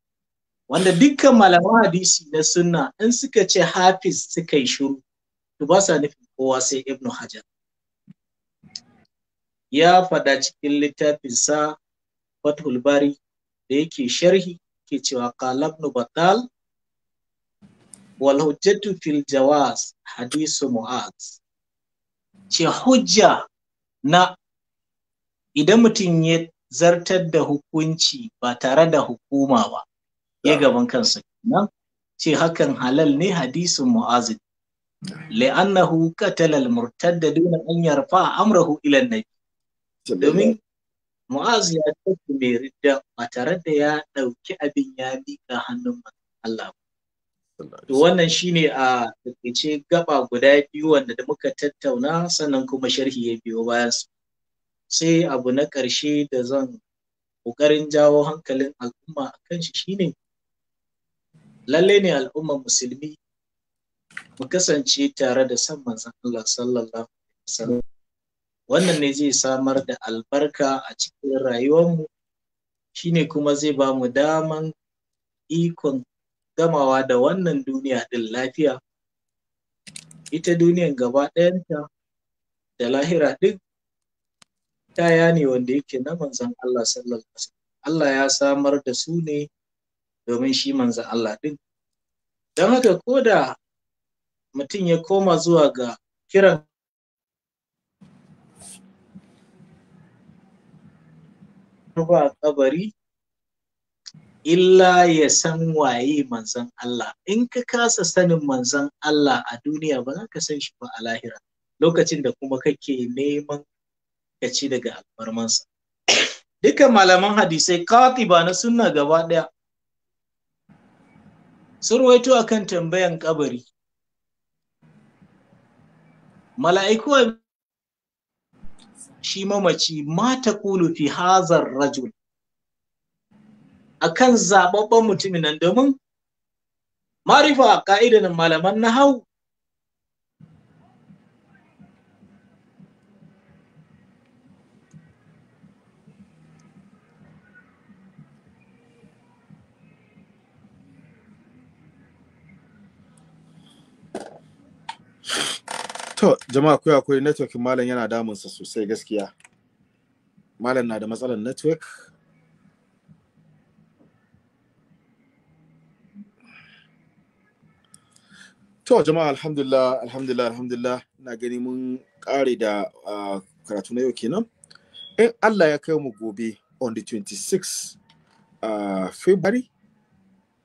wanda dukkan malaman hadisi na sunna in suka ce hafiz suka yi shuru to ba sa nufin kowa sai ibnu hajar ya faɗa cikin littafinsa fathul bari da yake sharhi ke cewa qala ibn batal walhujjatu hujjatu fil jawaz hadisu mu'az ce hujja na idan mutum ya zartar da hukunci ba tare da hukuma ba ya ah. gaban kansa nan ce hakan halal ne hadisin muaz li'annahu qatala al-murtadda duna an yarfa amrahu ila nabi domin mu'az ya tafi mai ridda ba tare da ya dauki abin ya mika hannun Allah to wannan shine a takaice gaba guda biyu wanda da muka tattauna sannan kuma sharhi ya biyo bayan su sai abu na ƙarshe da zan ƙoƙarin jawo hankalin al'umma a kan shi shine lalle ne al'ummar musulmi mu kasance tare da san manzon Allah sallallahu alaihi wasallam wannan ne zai samar da albarka a cikin rayuwarmu shine kuma zai ba mu daman ikon gamawa da wannan duniya din lafiya ita duniyan gaba ɗayanta da lahira duk ya ne wanda yake na manzan Allah sallallahu Allah ya samar da su ne domin shi manzan Allah din don haka ko da mutum ya koma zuwa ga kiran ba kabari illa ya san waye manzon Allah in ka kasa sanin manzon Allah a duniya ba za ka san shi ba a lahira lokacin da kuma kake neman ka ci daga albarmansa duka malaman hadisai katiba na sunna gaba daya a kan tambayan kabari mala'iku shi mamaci mata kulu fi hazar rajul akan zababban mutumin nan domin marifa ka'idan malaman nahau To, jama'a kuya akwai network malam yana damunsa sosai gaskiya. Malam na da matsalar network. To jama'a alhamdulillah alhamdulillah alhamdulillah na gani mun kare da ah, karatu na yau kenan. In Allah ya kai mu gobe on the 26 uh, ah, February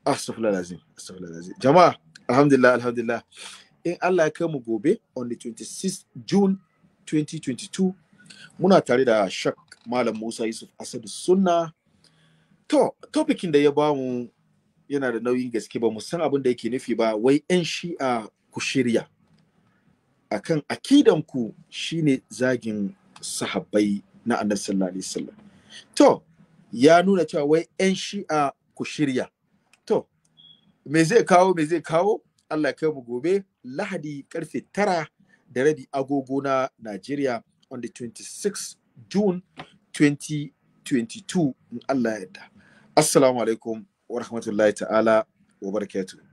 astaghfirullahalazim astaghfirullahalazim jama'a alhamdulillah alhamdulillah in Allah ya kai mu gobe on the 26 June 2022 muna tare da Shak Malam Musa Yusuf Asadu Sunna to topikin da ya bamu yana da nauyin gaske ba mu san abin da yake nufi ba wai 'yan shi'a ku shirya akan akidanku shine zagin sahabbai na annabi sallallahu alaihi to ya nuna cewa wai 'yan shi'a ku shirya to me zai kawo me zai kawo Allah kai mu gobe lahadi karfe tara da rabi agogo na Najeriya on the 26 June 2022 in Allah ya yarda assalamu alaikum wa rahmatullahi ta'ala wa barakatuh